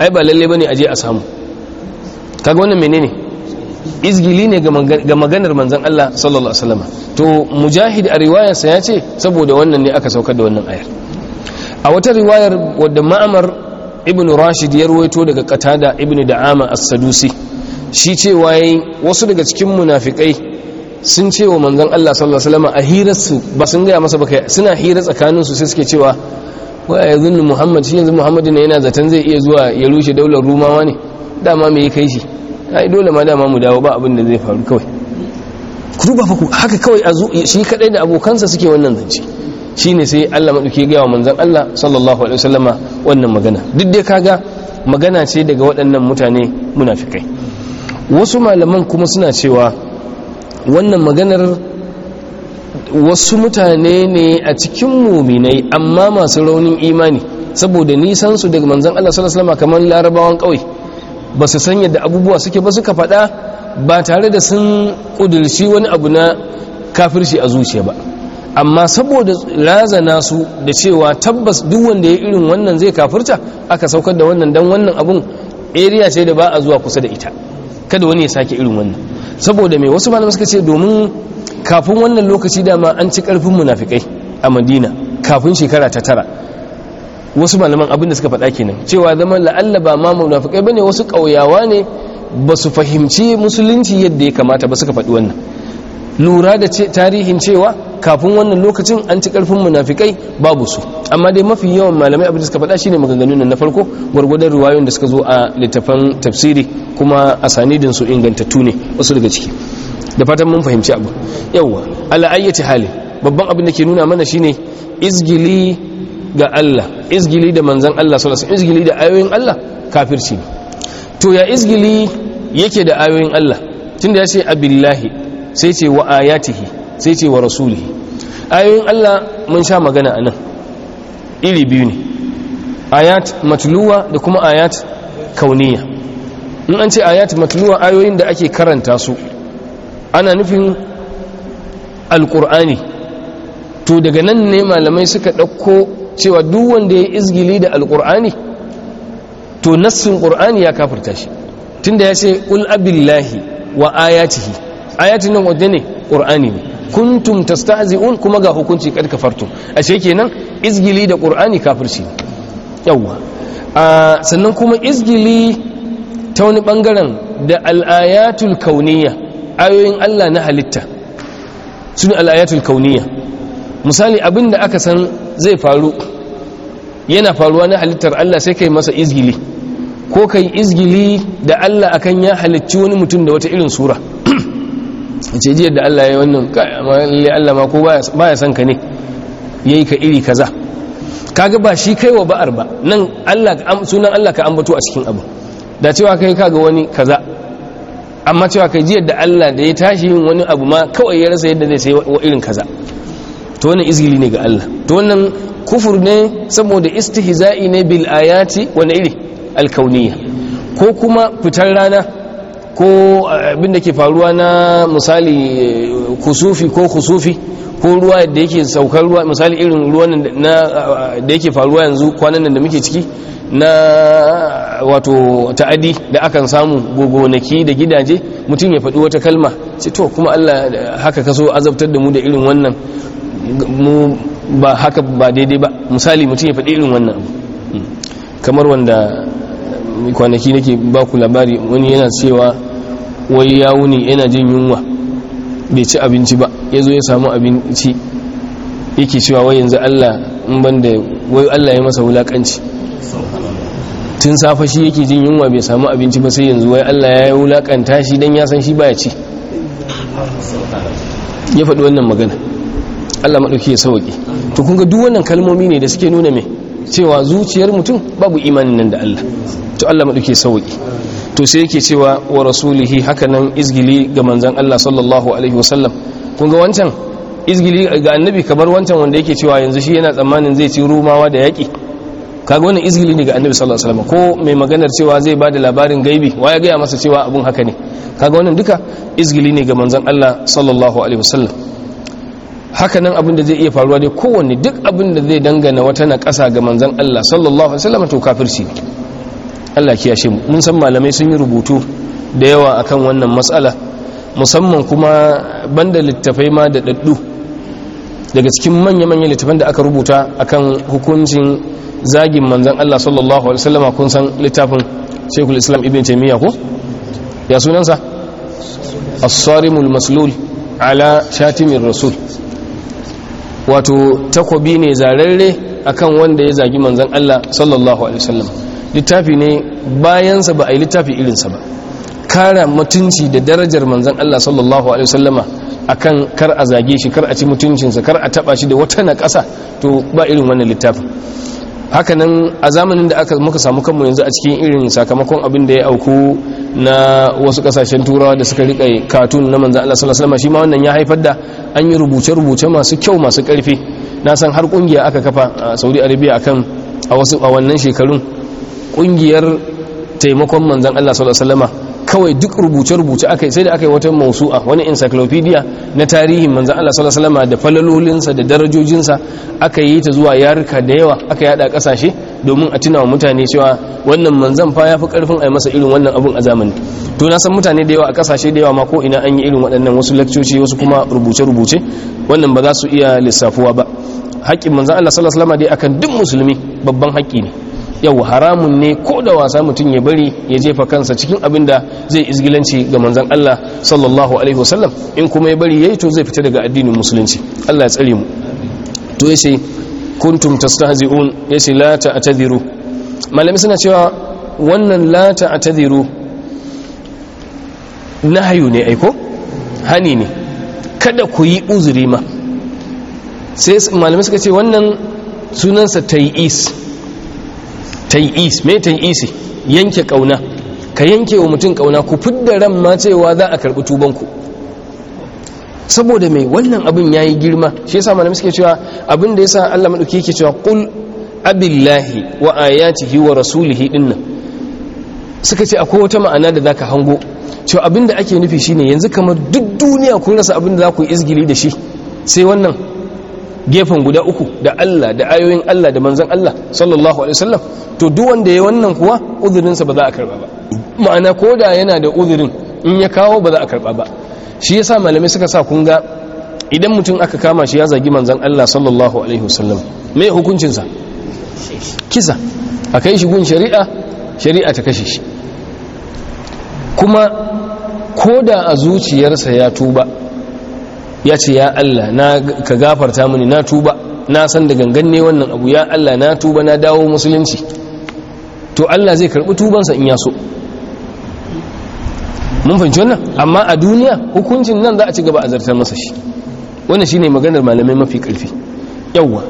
ai ba lalle bane a je a samu kaga wannan menene izgili ne ga maganar manzon Allah sallallahu alaihi wasallam to mujahid a riwayarsa ya ce saboda wannan ne aka saukar da wannan ayar a wata riwayar wadda ma'amar ibn rashid ya ruwaito daga katada ibn da'ama as-sadusi shi ce waye wasu daga cikin munafikai sun ce wa manzon Allah sallallahu alaihi a hirarsu ba sun gaya masa ba kai suna hira tsakanin su sai suke cewa wa yazun muhammad shi yanzu muhammad ne yana zaton zai iya zuwa ya rushe daular rumawa ne dama me kai shi ai dole ma dama mu dawo ba abin da zai faru kawai ku duba ku haka kawai a shi kadai da abokansa suke wannan zance Shi ne sai Allah madauki gaya wa manzon Allah sallallahu alaihi wasallama wannan magana duk dai kaga magana ce daga waɗannan mutane munafikai wasu malaman kuma suna cewa wannan maganar wasu mutane ne a cikin muminai amma masu raunin imani saboda nisan su daga manzon Allah sallallahu alaihi wasallama kamar larabawan kauye ba su san yadda abubuwa suke ba suka faɗa ba tare da sun kudurci wani abu na kafirci a zuciya ba amma saboda razana su da cewa tabbas duk wanda ya irin wannan zai kafirta aka saukar da wannan dan wannan abun area ce da ba a zuwa kusa da ita kada wani ya sake irin wannan saboda me wasu malamai suka ce domin kafin wannan lokaci dama an ci karfin munafikai a Madina kafin shekara ta tara wasu malaman abin da suka faɗa kenan cewa zama la'alla ba ma munafikai bane wasu ƙauyawa ne ba su fahimci musulunci yadda ya kamata ba suka faɗi wannan lura da tarihin cewa kafin wannan lokacin an ci karfin munafikai babu su amma dai mafi yawan malamai abin da suka faɗa shine maganganun nan na farko gwargwadon riwayoyin da suka zo a littafan tafsiri kuma a sanidin su ingantattu ne wasu daga ciki da fatan mun fahimci abu yawa ala ayyati hali babban abin da ke nuna mana shine izgili ga Allah izgili da manzon Allah sallallahu alaihi izgili da ayoyin Allah kafirci to ya izgili yake da ayoyin Allah tunda ya ce abillahi sai ce wa ayatihi sai ce wa rasulihi ayoyin Allah mun sha magana anan iri biyu ne ayat matluwa da kuma ayat kauniya in an ce ayat matluwa ayoyin da ake karanta su ana nufin alkur'ani to daga nan ne malamai suka ɗauko cewa duk wanda ya izgili da alkur'ani to nassin ƙur'ani ya kafirta shi tunda ya ce ƙul abillahi wa ayatihi ayatin nan wadda ne ƙur'ani ne kuntum ta staazi'un kuma ga hukunci farto a ashe nan izgili da qur'ani kafirci yawa sannan kuma izgili ta wani ɓangaren da al'ayatul kauniya ayoyin Allah na halitta su ne al'ayatul kauniya misali abinda aka san zai faru yana faruwa na halittar Allah sai kai masa izgili ko kai izgili da Allah akan ya halicci wani mutum da wata irin sura ce jiyar da Allah ya yi wannan Allah ma ko baya son ka ne ya yi ka iri kaza kaga ba shi kai wa ba'ar ba nan sunan Allah ka ambato a cikin abu da cewa kai kaga wani kaza amma cewa kai jiyar da Allah da ya tashi yin wani abu ma kawai ya rasa yadda zai sai wa irin kaza to wannan izgili ne ga Allah to wannan kufur ne saboda istihza'i ne bil ayati wani iri alkauniyya ko kuma fitar rana ko eh, abin da ke faruwa na misali eh, kusufi ko kusufi ko ruwa da yake saukar ruwa misali irin ruwan eh, da yake faruwa yanzu kwanan nan da muke ciki na wato ta'adi da akan samu gogonaki da gidaje mutum ya faɗi wata kalma ce to kuma Allah haka kaso azabtar da mu da irin wannan mu ba haka ba daidai ba misali mutum ya faɗi irin wannan hmm. kamar wanda kwanaki nake ba ku labari wani yana cewa wai ya wuni yana jin yunwa bai ci abinci ba ya zo ya samu abinci yake cewa wai yanzu allah in ban da wai allah ya masa wulakanci tun safa shi yake jin yunwa bai samu abinci ba sai yanzu wai allah ya wulakanta shi don ya san shi baya ci ya faɗi wannan magana allah maɗauki ya sauƙi to kun ga duk wannan kalmomi ne da suke nuna mai cewa zuciyar mutum babu imanin nan da Allah to Allah duke sauki to sai yake cewa wa rasulihi hakanan izgili ga manzan Allah sallallahu alaihi wasallam kun ga wancan izgili ga annabi kamar wancan wanda yake cewa yanzu shi yana tsammanin zai ci rumawa da yaƙi kaga wannan izgili ne ga annabi sallallahu alaihi wasallam ko mai maganar cewa zai bada labarin gaibi wa ya gaya masa cewa abun haka ne kaga wannan duka izgili ne ga manzan Allah sallallahu alaihi wasallam hakanan abin da zai iya faruwa dai kowanne duk abin da zai dangana wata na ƙasa ga manzan Allah sallallahu alaihi wasallam to kafirci Allah kiyashe mu mun san malamai sun yi rubutu da yawa akan wannan matsala musamman kuma banda littafai ma da daddu daga cikin manya-manyan littafan da aka rubuta akan hukuncin zagin manzan Allah sallallahu alaihi wasallam kun san littafin Sheikhul Islam Ibn Taymiyyah ko ya sunansa as-sarimul maslul ala shatimin rasul wato takobi ne zararre akan wanda ya zagi manzan Allah sallallahu alaihi wasallam littafi ne bayansa ba a yi littafi irinsa ba kara mutunci da darajar manzon Allah sallallahu alaihi wasallama kan kar a zage shi kar a ci mutuncinsa kar a taba shi da wata na ƙasa to ba irin wannan littafin hakanan a zamanin da aka muka samu kanmu yanzu a cikin irin sakamakon abin da ya auku na wasu kasashen turawa da suka rika katun na manzan Allah sallallahu alaihi wasallam shi ma wannan ya haifar da an yi rubuce-rubuce masu kyau masu karfi na san har kungiya aka kafa a Saudi Arabia akan a wasu a wannan shekarun kungiyar taimakon manzan Allah sallallahu alaihi wasallam kawai duk rubuce-rubuce aka yi sai da aka yi wata a wani encyclopedia na tarihin manzan Allah sallallahu alaihi wasallam da falalolinsa da darajojinsa aka yi ta zuwa yaruka da yawa aka yada kasashe domin a tuna wa mutane cewa wannan manzan fa yafi karfin a yi masa irin wannan abun a zamani to na san mutane da yawa a kasashe da yawa ma ko ina an yi irin waɗannan wasu lakcoci wasu kuma rubuce-rubuce wannan ba za su iya lissafuwa ba haƙƙin manzan Allah sallallahu alaihi wasallam dai akan duk musulmi babban haƙƙi ne yau haramun ne ko da wasa mutum ya bari ya jefa kansa cikin abin da zai izgilanci ga manzan Allah sallallahu alaihi wasallam in kuma ya bari yi to zai fita daga addinin musulunci Allah ya tsare mu to ce kuntum tastahzi'un yace la ta'tadiru malami suna cewa wannan la ta'tadiru nahyu ne aiko hani ne kada ku yi uzuri ma sai malami suka ce wannan sunansa is. tai'is me tai'isi yanke kauna ka yanke wa mutum kauna ku fidda ran ma cewa za a karbi tubanku saboda mai wannan abin ya yi girma shi ya yasa na suke cewa abin da ya sa Allah madauki yake cewa kul abillahi wa ayatihi wa rasulihi dinnan suka ce akwai wata ma'ana da zaka hango cewa abin da ake nufi shine yanzu kamar duk duniya kun rasa abin da za ku yi izgili da shi sai wannan gefen guda uku da Allah da ayoyin Allah da manzan Allah sallallahu alaihi wasallam to duk wanda yayi wannan kuwa uzurinsa ba za a karba ba ma'ana koda yana da uzurin in ya kawo ba za a karba ba shi yasa malamai suka sa kun ga idan mutum aka kama shi ya zagi manzan Allah sallallahu alaihi wasallam me hukuncin sa kisa akai shi gun shari'a shari'a ta kashe shi kuma koda a zuciyarsa ya tuba ya ce ya Allah na ka gafarta mini na tuba na san da gangan ne wannan abu ya Allah na tuba na dawo musulunci to Allah zai karɓi tubansa in ya so mun fahimci wannan amma a duniya hukuncin nan za a ci gaba a zartar masa shi wannan shine maganar malamai mafi ƙarfi yawwa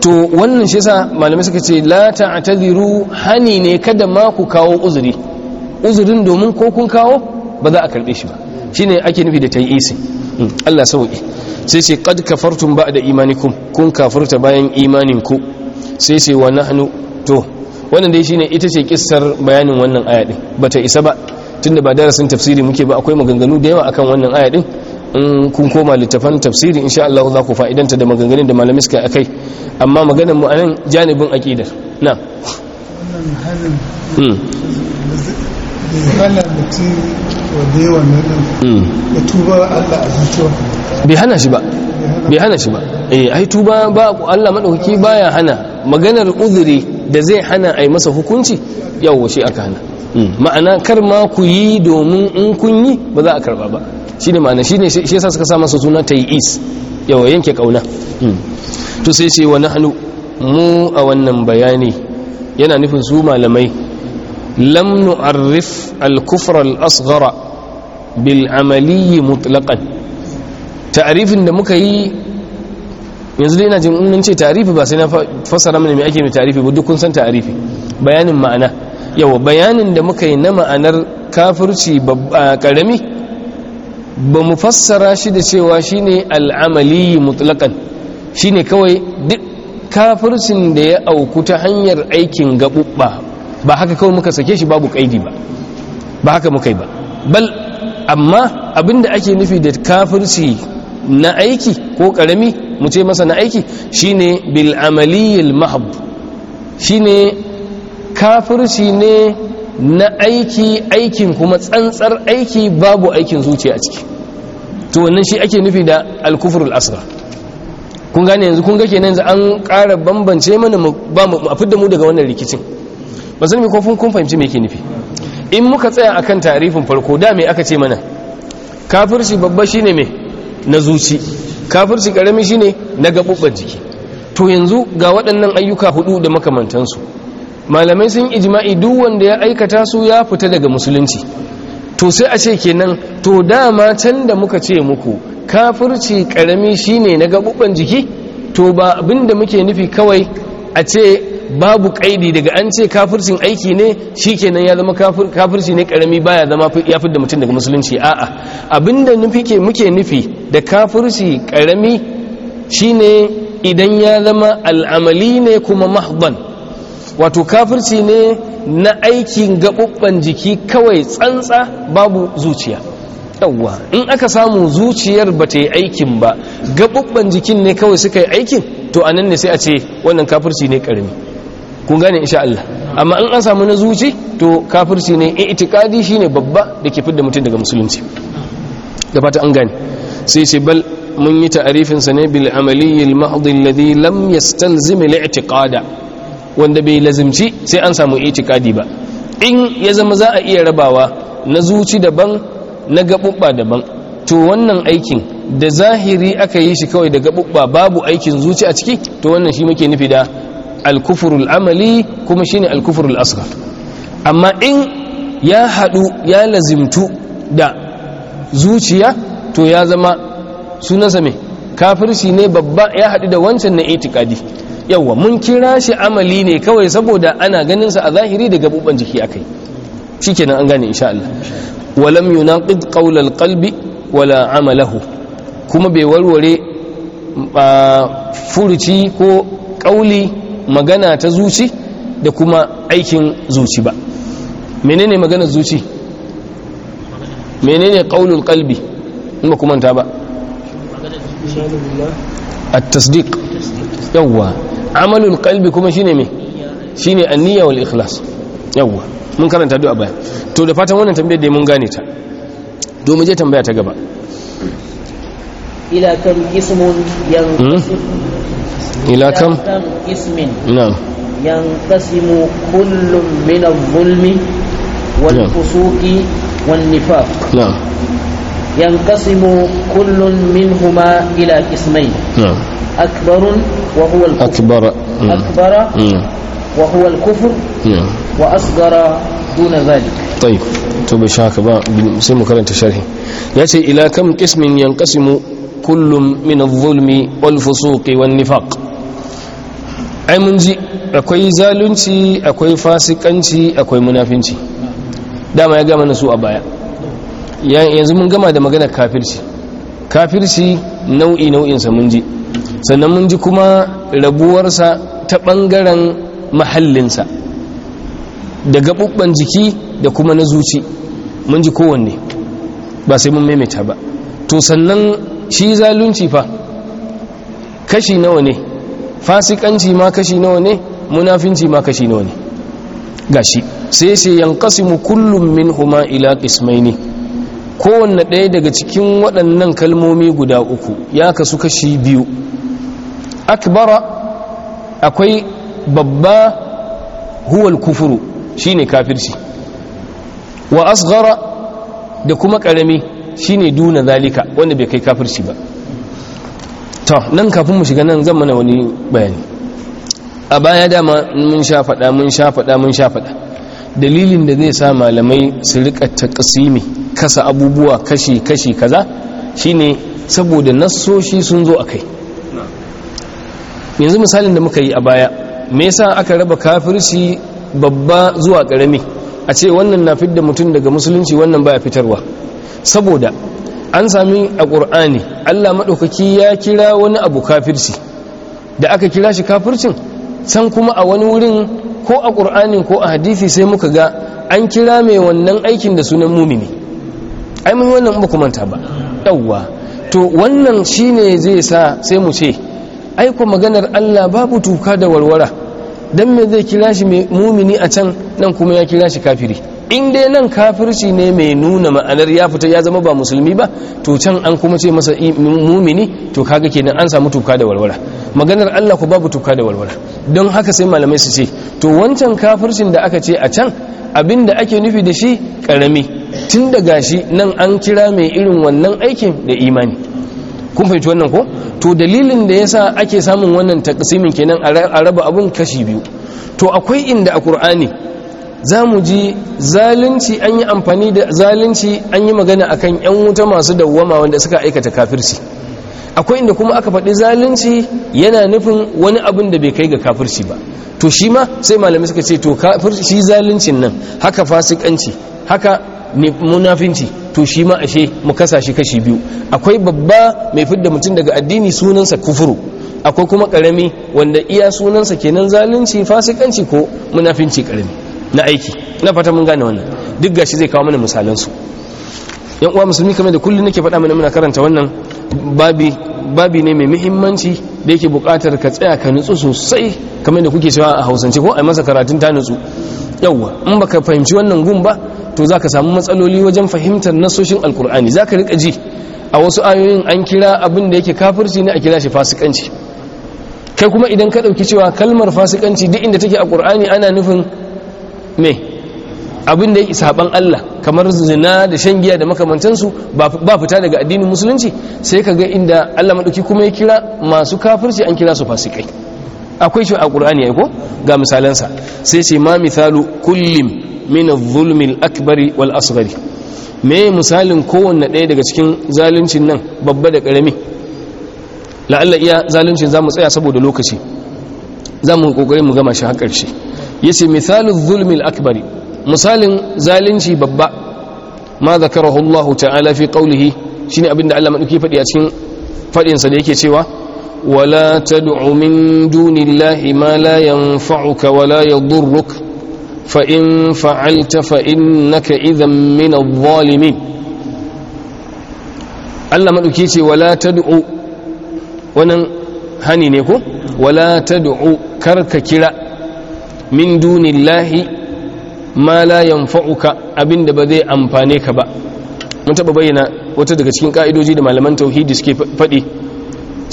to wannan shi yasa malamai suka ce la ta'taziru hani ne kada ma ku kawo uzuri uzurin domin ko kun kawo ba za a karɓe shi ba shine ake nufi da tayisi Mm. Allah sauki sai ce qad kafartum ba'da imanikum kun kafurta bayan imaninku sai ce wa nahnu to wannan dai shine ita ce kissar bayanin wannan aya din bata isa ba tunda ba darasin tafsiri muke ba akwai maganganu da yawa akan wannan aya din in kun koma littafan tafsiri insha Allah za ku fa'idanta da maganganun da malamai suka akai amma maganar mu a anan janibin aqidar na wannan halin mm. wanda yawa nan da hmm. tuba Allah a zuciya bai hana shi ba bai hana shi ba eh ai tuba ba Allah madaukaki baya hana maganar uzuri da zai hana ai masa hukunci yawo shi aka hana hmm. ma'ana kar ma ku yi domin in kun yi ba za a karba ba shine ma'ana shi ne shi yasa suka sa masa suna ta yi is yawa yanke kauna hmm. to sai ce wa nahnu mu a wannan bayani yana nufin su malamai lam nu'arrif al-kufra al-asghara bil amali mutlaqan ta'arifin da muka yi yanzu dai ina jin in ce ta'arifi ba sai na fassara mana me ake mai ta'arifi ba duk kun san ta'arifi bayanin ma'ana yawa bayanin da muka yi na ma'anar kafirci karami ba mu fassara shi da cewa shine al'amali mutlaqan shine kawai duk kafircin da ya auku ta hanyar aikin gabubba ba haka kawai muka sake shi babu kaidi ba ba haka muka yi ba bal amma abinda ake nufi da kafirci na aiki ko karami mu ce masa na aiki shine bil amaliyil mahab shine kafirci ne na aiki aikin kuma tsantsar aiki babu aikin zuciya a ciki to wannan shi ake nufi da alkufrul asghar kun gane yanzu kun ga kenan yanzu an ƙara bambance mana ba mu a fidda mu daga wannan rikicin ba san me kofin kun fahimci me yake nufi in muka tsaya a kan tarifin farko da me aka ce mana kafirci babba shine me na zuci kafirci karami shine na gabubban jiki to yanzu ga waɗannan ayyuka hudu da makamantansu malamai sun ijma'i duk wanda ya aikata su ya fita daga musulunci to sai a ce kenan to dama can da muka ce muku kafirci karami shine na gabubban jiki to ba abinda muke nufi kawai a ce babu kaidi daga an ce kafircin aiki ne shikenan ya zama kafirci ne karami baya zama ya fi da mutum daga musulunci a'a abinda nufi ke muke nufi da kafirci karami shine idan ya zama al'amali ne kuma mahban. wato kafirci ne na aikin gabubban jiki kawai tsantsa babu zuciya yawwa in aka samu zuciyar ba ta yi aikin ba gabubban jikin ne kawai suka yi aikin to anan ne sai a ce wannan kafirci ne karami kun gane insha Allah amma in an samu na zuci to kafirci ne itikadi shine babba da ke fidda mutum daga musulunci da fata an gane sai ce bal mun yi ta'arifin sa ne bil amaliyil mahdi alladhi lam yastalzim al i'tiqada wanda bai lazimci sai an samu itikadi ba in ya zama za a iya rabawa na zuci daban na gabubba daban to wannan aikin da zahiri aka yi shi kawai da gabubba babu aikin zuci a ciki to wannan shi muke nufi da alkufurul amali kuma shine alkufurul asghar amma in ya hadu ya lazimtu da zuciya to ya zama sunansa me kafirci ne babba ya hadu da wancan na itikadi yawa mun kira shi amali ne kawai saboda ana ganin sa a zahiri daga buban jiki akai shikenan an gane insha Allah walam yunaqid qawl alqalbi wala amalahu kuma bai warware ah, furuci ko kauli magana ta zuci da kuma aikin zuci ba menene magana zuci menene qaulul qalbi in ba kuma ta ba at-tasdiq yawwa amalul qalbi kuma shine me shine an-niyya wal ikhlas yawwa mun karanta du'a baya to da fatan wannan tambayar da mun gane ta domin je tambaya ta gaba ila kam ismun hmm? yan إلى كم اسم نعم ينقسم كل من الظلم والفسوق والنفاق نعم ينقسم كل منهما إلى قسمين نعم أكبر وهو الكفر أكبر نعم. أكبر نعم. وهو الكفر نعم. وأصغر دون ذلك طيب to bai بسم haka ba sai mu إلى كم ya ينقسم كل من الظلم والفسوق والنفاق. ai mun ji akwai zalunci akwai fasikanci akwai munafinci dama ya gama na su a baya yanzu mun gama da magana kafirci kafirci nau'i nau'insa mun ji sannan mun ji kuma rabuwarsa ta ɓangaren mahallinsa da gaɓuɓɓen jiki da kuma na zuci mun ji kowanne ba sai mun maimaita ba to sannan shi zalunci fa kashi nawa ne fasikanci ma kashi nawa ne munafinci ma kashi nawa ne gashi sai sai yanqasimu kullum min huma ila qismaini kowanne ɗaya daga cikin waɗannan kalmomi guda uku ya kasu kashi biyu akbara akwai babba huwal kufuru shine kafirci wa asghara da kuma ƙarami shine duna zalika wanda bai kai kafirci ba to nan kafin mu shiga nan zan mana wani bayani a baya dama mun sha faɗa mun sha faɗa mun sha faɗa dalilin da zai sa malamai su rika taqsimi kasa abubuwa kashi kashi kaza shine saboda nassoshi sun zo a kai. yanzu misalin da muka yi a baya me yasa aka raba kafirci babba zuwa ƙarami a ce wannan na fidda mutum daga musulunci wannan baya fitarwa saboda an sami a ƙur'ani allah maɗaukaki ya kira wani abu kafirci da aka kira shi kafircin can kuma a wani wurin ko a ƙur'ani ko a hadithi sai muka ga an kira mai wannan aikin da sunan mumini ai mun wannan ba ba yawwa to wannan shine zai sa sai mu ce ai maganar allah babu tuka da warwara don me zai kira shi mumini a can nan kuma ya kira shi kafiri in dai nan kafirci ne mai nuna ma'anar ya fita ya zama ba musulmi ba to can an kuma ce masa mumini to kaga kenan an samu tuka da walwala maganar Allah ku babu tuka da walwala don haka sai malamai su ce to wancan kafircin da aka ce a can abin da ake nufi da shi karami tun da gashi nan an kira mai irin wannan aikin da imani kun fahimci wannan ko to dalilin da yasa ake samun wannan takasimin kenan a raba abun kashi biyu to akwai inda a Qur'ani za mu ji zalunci an yi amfani da zalunci an yi magana a kan yan wuta masu dawwama wanda suka aikata kafirci akwai inda kuma aka faɗi zalunci yana nufin wani abin da bai kai ga kafirci ba to shi ma sai malamai suka ce to shi zaluncin nan haka fasikanci haka munafinci to shi ma ashe mu kasa shi kashi biyu akwai babba mai fidda mutum daga addini sunansa kufuru akwai kuma karami wanda iya sunansa kenan zalunci fasikanci ko munafinci karami na aiki na fata mun gane wannan duk gashi zai kawo mana misalan su yan uwa musulmi kamar da kullum nake faɗa mana muna karanta wannan babi babi ne mai muhimmanci da yake buƙatar ka tsaya ka nutsu sosai kamar da kuke cewa a hausance ko a masa karatun ta nutsu yawwa in baka fahimci wannan gun ba to zaka samu matsaloli wajen fahimtar nasoshin alkur'ani zaka rika ji a wasu ayoyin an kira abin da yake kafirci ne a kira shi fasikanci kai kuma idan ka dauki cewa kalmar fasikanci duk inda take a qur'ani ana nufin me abin da ya saban Allah kamar zina da shan giya da makamantansu ba fita daga addinin musulunci sai ka ga inda Allah maɗauki kuma ya kira masu kafirci an kira su fasikai akwai shi a ƙur'ani ya ko ga misalansa sai sai ma misalu kullum min zulmil akbari wal asghari me misalin kowanne ɗaya daga cikin zaluncin nan babba da ƙarami la'alla iya zaluncin za mu tsaya saboda lokaci za mu ƙoƙari mu gama shi har ƙarshe yace misalul zulmil akbari misalin zalunci babba ma zakarahu Allah ta'ala fi qawlihi shine abinda Allah madauki fadi a cikin fadin sa da yake cewa wala tad'u min dunillahi ma la yanfa'uka wala yadurruk fa in fa'alta fa innaka idhan min adh-dhalimin Allah madauki ce wala tad'u wannan hani ne ko wala tad'u karka kira min dunillahi ma la yanfa'uka abinda ba zai amfane ka ba mun taba bayyana wata daga cikin ka'idoji da malaman tauhidi suke faɗi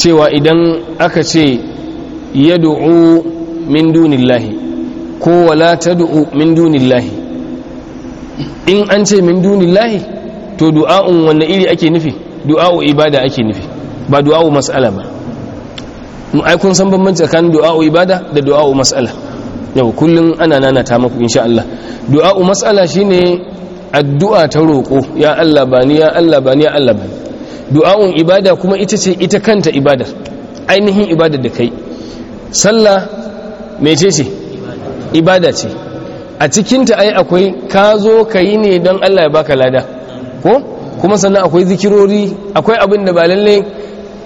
cewa idan aka ce yad'u min dunillahi ko wala tad'u min dunillahi in an ce min dunillahi to du'a'un wanne iri ake nufi du'a'u ibada ake nufi ba du'a'u mas'ala ba mu aikun san bambanci tsakanin du'a'u ibada da du'a'u mas'ala yau kullum ana nana ta maku insha Allah du'a mas'ala shine addu'a ta roƙo ya Allah bani ya Allah bani ya Allah bani du'a'un ibada kuma ita ce ita kanta ibada, ainihin ibada da kai sallah mece ce ibada ce a cikinta ai akwai ka zo ka ne don Allah ya baka lada ko kuma sannan akwai zikirori akwai abin da ba lallai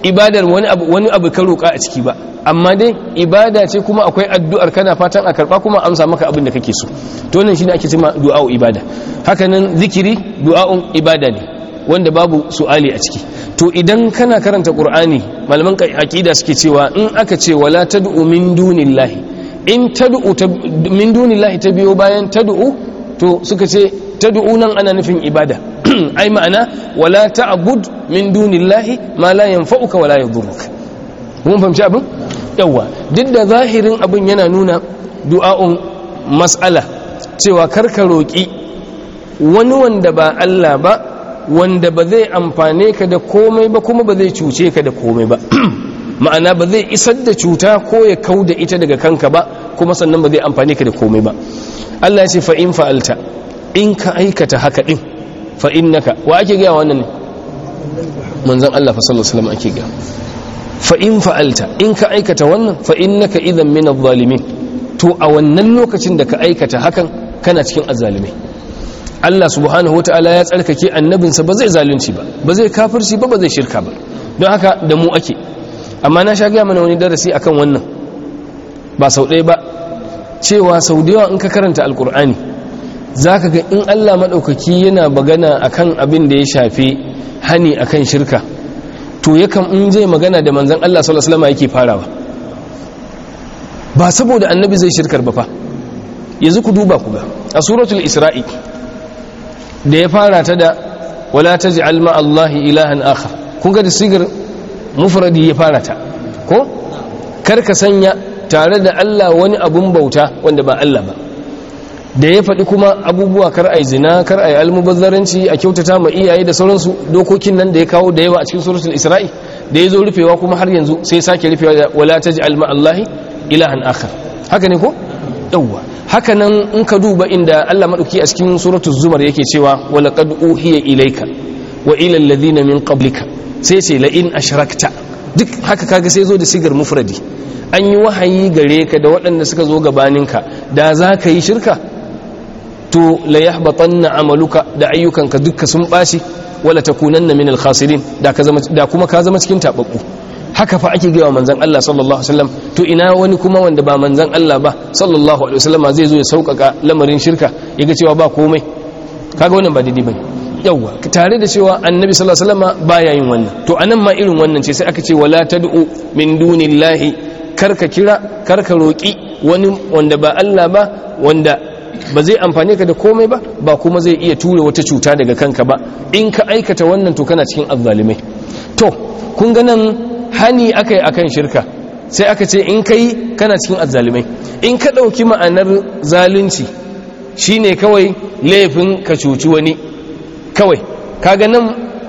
ibadar wani abu wani abu ka roƙa a ciki ba amma dai ibada ce kuma akwai addu'ar kana fatan a karɓa kuma amsa maka abin da kake so to nan shine ake cewa du'a'u ibada nan zikiri du'a'un ibada ne wanda babu su'ali a ciki to idan kana karanta qur'ani malaman aqida suke cewa in aka ce wala tad'u min dunillahi in tad'u min dunillahi ta biyo bayan tad'u to suka ce tad'u nan ana nufin ibada <clears throat> ai ma'ana wala ta'bud min dunillahi ma la yanfa'uka wala yadurruka mun fahimci abin yawa duk da zahirin abin yana nuna du'a'un mas'ala cewa karka roki wani wanda ba Allah ba wanda ba zai amfane ka da komai ba kuma ba zai cuce ka da komai ba <clears throat> ma'ana ba zai isar da cuta ko ya kau da ita daga kanka ba kuma sannan ba zai amfane ka da komai ba Allah ya ce fa in fa'alta in ka aikata haka din fa innaka wa ake gaya wannan ne manzon Allah fa ake gaya fa in fa'alta in ka aikata wannan fa innaka idan min adh to a wannan lokacin da ka aikata hakan kana cikin azzalimai Allah subhanahu wataala ya tsarkake annabinsa ba zai zalunci ba ba zai kafirci ba ba zai shirka ba don haka da mu ake amma na sha gaya mana wani darasi akan wannan ba sau ɗaya ba cewa sau da yawa in ka karanta alkur'ani za ka ga in allah maɗaukaki yana magana akan abin da ya shafi hani akan shirka to yakan in zai magana da manzan allah salasalama yake farawa ba saboda annabi zai shirkar ba fa yanzu ku duba ku ga a suratul isra'i da ya fara ta da wala ji alma allahi ilahan akhar kun ga da sigar mufradi ya fara ta ko kar ka sanya tare da allah wani abun bauta wanda ba allah ba da ya faɗi kuma abubuwa kar a yi zina kar a yi almubazzaranci a kyautata ma iyaye da sauransu dokokin nan da ya kawo da yawa a cikin surutun isra'i da ya zo rufewa kuma har yanzu sai sake rufewa da wala ji alma allahi ilahan akhar haka ne ko yawwa haka nan in ka duba inda Allah madauki a cikin surutun zumar yake cewa wala qad uhiya ilayka wa ila alladhina min qablika sai ce la in ashrakta duk haka kaga sai zo da sigar mufradi an yi wahayi gare ka da waɗanda suka zo gabaninka da za ka yi shirka to la yahbatanna amaluka da ayyukanka dukka sun baci wala takunanna min al da ka zama da kuma ka zama cikin tababbu haka fa ake gaya manzon Allah sallallahu alaihi wasallam to ina wani kuma wanda ba manzon Allah ba sallallahu alaihi wasallam zai zo ya saukaka lamarin shirka yaga cewa ba komai kaga wannan ba daidai bane yawa tare da cewa annabi sallallahu alaihi wasallam baya yin wannan to anan ma irin wannan ce sai aka ce wala tad'u min dunillahi karka kira karka roki wani wanda ba Allah ba wanda ba zai amfane ka da komai ba ba kuma zai iya ture wata cuta daga kanka ba in ka aikata wannan to kana cikin azzalimai to kun ga nan hani akai akan shirka sai aka ce in kai kana cikin azzalimai in ka dauki ma'anar zalunci shine kawai laifin ka cuci wani kawai kaga nan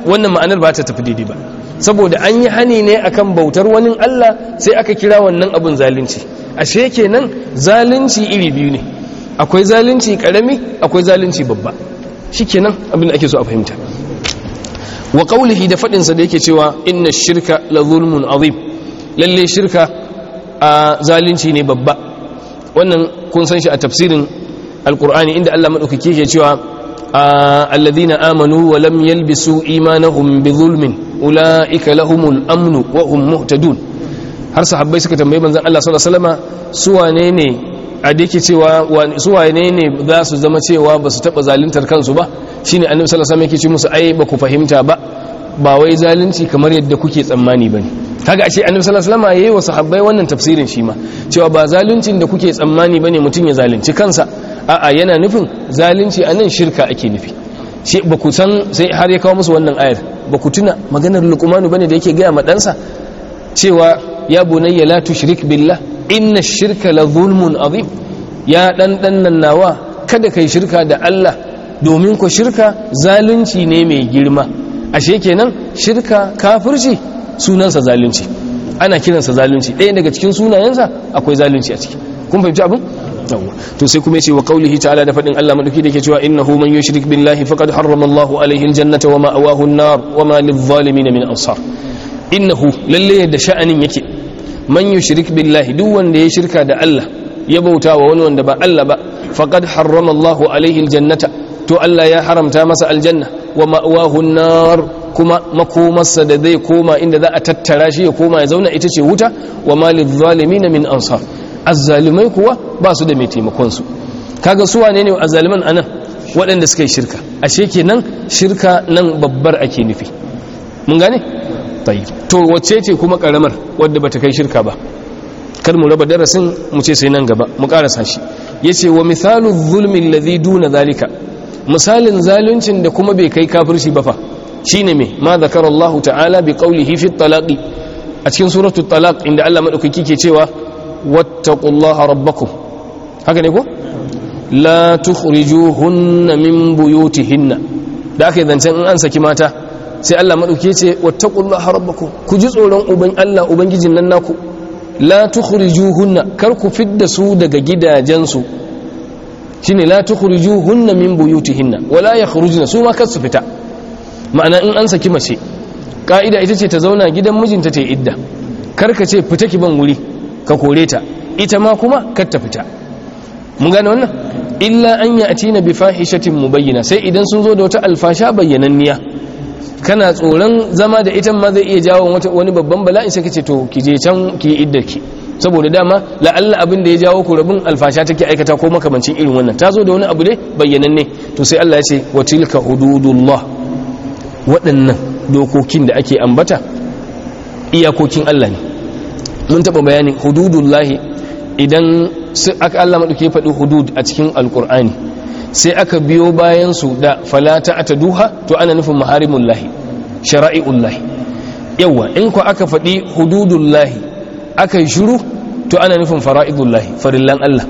wannan ma'anar ba ta tafi daidai ba saboda an yi hani ne akan bautar wani Allah sai aka kira wannan abun zalunci ashe kenan zalunci iri biyu ne akwai zalunci karami akwai zalunci babba shikenan abin da ake so a fahimta wa qawlihi da fadin sa da yake cewa inna shirka la zulmun azim lalle shirka a zalunci ne babba wannan kun san shi a tafsirin alqur'ani inda Allah madaukake yake cewa alladhina amanu wa lam yalbisu imanahum bi zulmin ulaika lahumul amnu wa hum muhtadun har sahabbai suka tambaye manzon Allah sallallahu alaihi su wanene. ne a cewa su waye ne za su zama cewa ba su taɓa zaluntar kansu ba ne annabi sallallahu alaihi wasallam yake ce musu ai ba ku fahimta ba ba wai zalunci kamar yadda kuke tsammani bane kaga ashe annabi sallallahu alaihi wasallam yayi wa sahabbai wannan tafsirin shi ma cewa ba zaluncin da kuke tsammani ne mutum ya zalunci kansa a'a yana nufin zalunci a nan shirka ake nufi shi ba ku san sai har ya kawo musu wannan ayar ba ku tuna maganar luqmanu ne da yake gaya ma ɗansa cewa ya bunayya la tushrik billah inna shirka la zulmun azim ya dan dan nan nawa kada kai shirka da Allah domin ku shirka zalunci ne mai girma ashe kenan shirka kafirci sunansa zalunci ana kiransa zalunci ɗaya daga cikin sunayensa akwai zalunci a ciki kun fahimci abin to sai kuma yace wa qaulihi ta'ala da fadin Allah madauki da cewa innahu man yushrik billahi faqad harrama Allahu alaihi aljannata wa ma'awahu an-nar wa ma lidh-dhalimin min ansar innahu lalle da sha'anin yake man yushrik billahi duk wanda ya shirka da Allah ya bauta wa wani wanda ba Allah ba faqad harrama Allahu alaihi jannata, to Allah ya haramta masa aljanna wa ma'wahu nar kuma makomarsa da zai koma inda za a tattara shi ya koma ya zauna ita ce wuta wa malil zalimin min ansar azzalimai kuwa ba su da mai taimakon su kaga su wane ne azzaliman anan waɗanda suka yi shirka ashe kenan shirka nan babbar ake nufi mun gane tayyib to wacce ce kuma karamar wadda bata kai shirka ba kar mu raba darasin mu ce sai nan gaba mu karasa shi yace wa misalu zulmin alladhi duna zalika misalin zaluncin da kuma bai kai kafirci ba fa shine me ma zakara Allah ta'ala bi qawlihi fi talaqi a cikin suratul talaq inda Allah madaukaki ke cewa wattaqullaha rabbakum haka ne ko la tukhrijuhunna min buyutihinna da aka yi zancen in an saki mata sai Allah maɗauke ce wattaqullaha rabbakum ku ji tsoron uban Allah ubangijin nan naku la tukhrijuhunna kar ku fidda su daga gidajensu shine la tukhrijuhunna min buyutihinna wala yakhrujna su ma kar su fita ma'ana in an saki mace ka'ida ita ce ta zauna gidan mijinta ta idda kar ka ce fita ki ban wuri ka kore ta ita ma kuma kar ta fita mun gane wannan illa an ya'tina bi fahishatin bayyana, sai idan sun zo da wata alfasha bayyananniya kana tsoron zama da ita ma zai iya jawo wani babban bala'in sai kace to ki je can ki idda ki saboda dama la'alla abin da ya jawo ku rabin alfasha take aikata ko makamancin irin wannan ta zo da wani abu ne bayyananne to sai Allah ya ce wa tilka hududullah waɗannan dokokin da ake ambata iyakokin Allah ne mun taɓa bayanin hududullahi idan aka Allah ke faɗi hudud a cikin alkur'ani sai aka biyo bayan su da falata taduha to ana nufin maharimullahi lahi yawa in ku aka faɗi hududullahi aka yi shiru to ana nufin lahi farillan Allah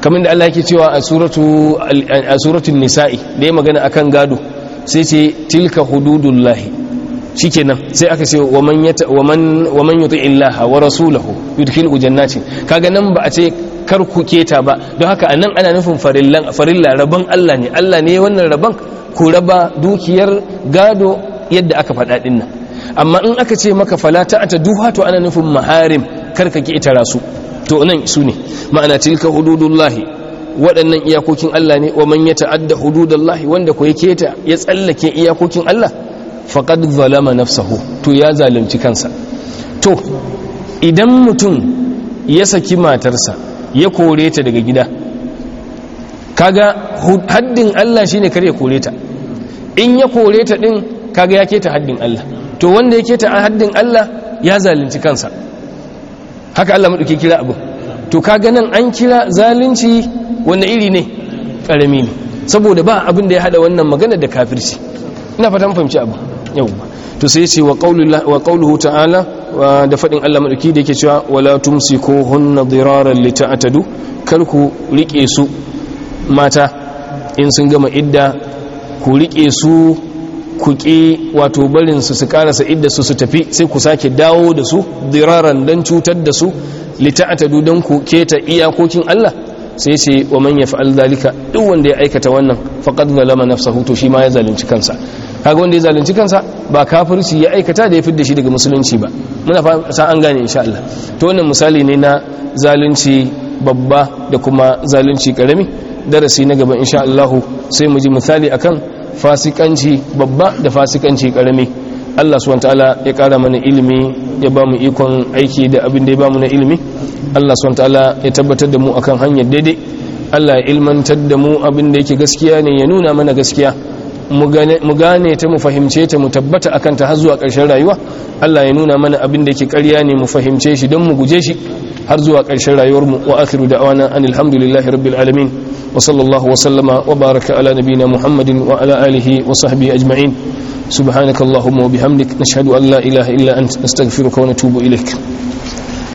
kamar da Allah yake cewa a suratun nisa'i da ya magana akan gado sai ce tilka hududullahi nan sai aka ce wa man wa wa man yuti illaha wa rasulahu yudkhilu jannatin kaga nan ba a ce kar ku keta ba don haka anan ana nufin farilla rabon Allah ne Allah ne wannan rabon ku raba dukiyar gado yadda aka faɗa din nan amma in aka ce maka falata ta duha to ana nufin maharim kar ka ketara su to nan su ne ma'ana tilka hududullahi waɗannan iyakokin Allah ne wa man ya ta'adda hududallahi wanda ku yake ta ya tsallake iyakokin Allah faqad zalama nafsahu to ya zalunci kansa to idan mutum ya saki matarsa ya kore ta daga gida kaga haddin Allah shine kar ya kore ta in ya kore ta din kaga ya keta haddin Allah to wanda ya keta haddin Allah ya zalunci kansa haka Allah madauki kira abu to kaga nan an kira zalunci wanda iri ne ƙarami ne saboda ba abin da ya haɗa wannan magana da kafirci ina fatan fahimci abu yau to sai ce wa qauluhu ta'ala da faɗin Allah maɗauki da yake cewa wala ko hunna zirarar li ta'tadu kar ku rike su mata in sun gama idda ku rike su ku ƙi wato barin su su karasa idda su su tafi sai ku sake dawo da su diraran dan cutar da su li dan ku keta iyakokin Allah sai ce wa man yaf'al zalika duk wanda ya aikata wannan faqad zalama nafsahu to shi ma ya zalunci kansa kaga wanda ya zalunci kansa ba kafirci ya aikata da ya fidda shi daga musulunci ba muna fata an gane insha Allah to wannan misali ne na zalunci babba da kuma zalunci karami darasi na gaba insha Allah sai mu ji misali akan fasikanci babba da fasikanci karami Allah subhanahu wataala ya kara mana ilimi ya bamu ikon aiki da abin da ya bamu na ilimi Allah subhanahu wataala ya tabbatar da mu akan hanyar daidai Allah ya ilmantar da mu abin da yake gaskiya ne ya nuna mana gaskiya mu gane ta mu fahimce ta mu tabbata akan ta har zuwa ƙarshen rayuwa Allah ya nuna mana abin da ke ƙarya ne mu fahimce shi don mu guje shi har zuwa ƙarshen rayuwar mu wa akhiru da'wana an alhamdulillahi rabbil alamin wa sallallahu wa sallama wa baraka ala nabina muhammadin wa ala alihi wa sahbihi ajma'in subhanakallahumma wa bihamdik nashhadu an la ilaha illa anta nastaghfiruka wa natubu ilaik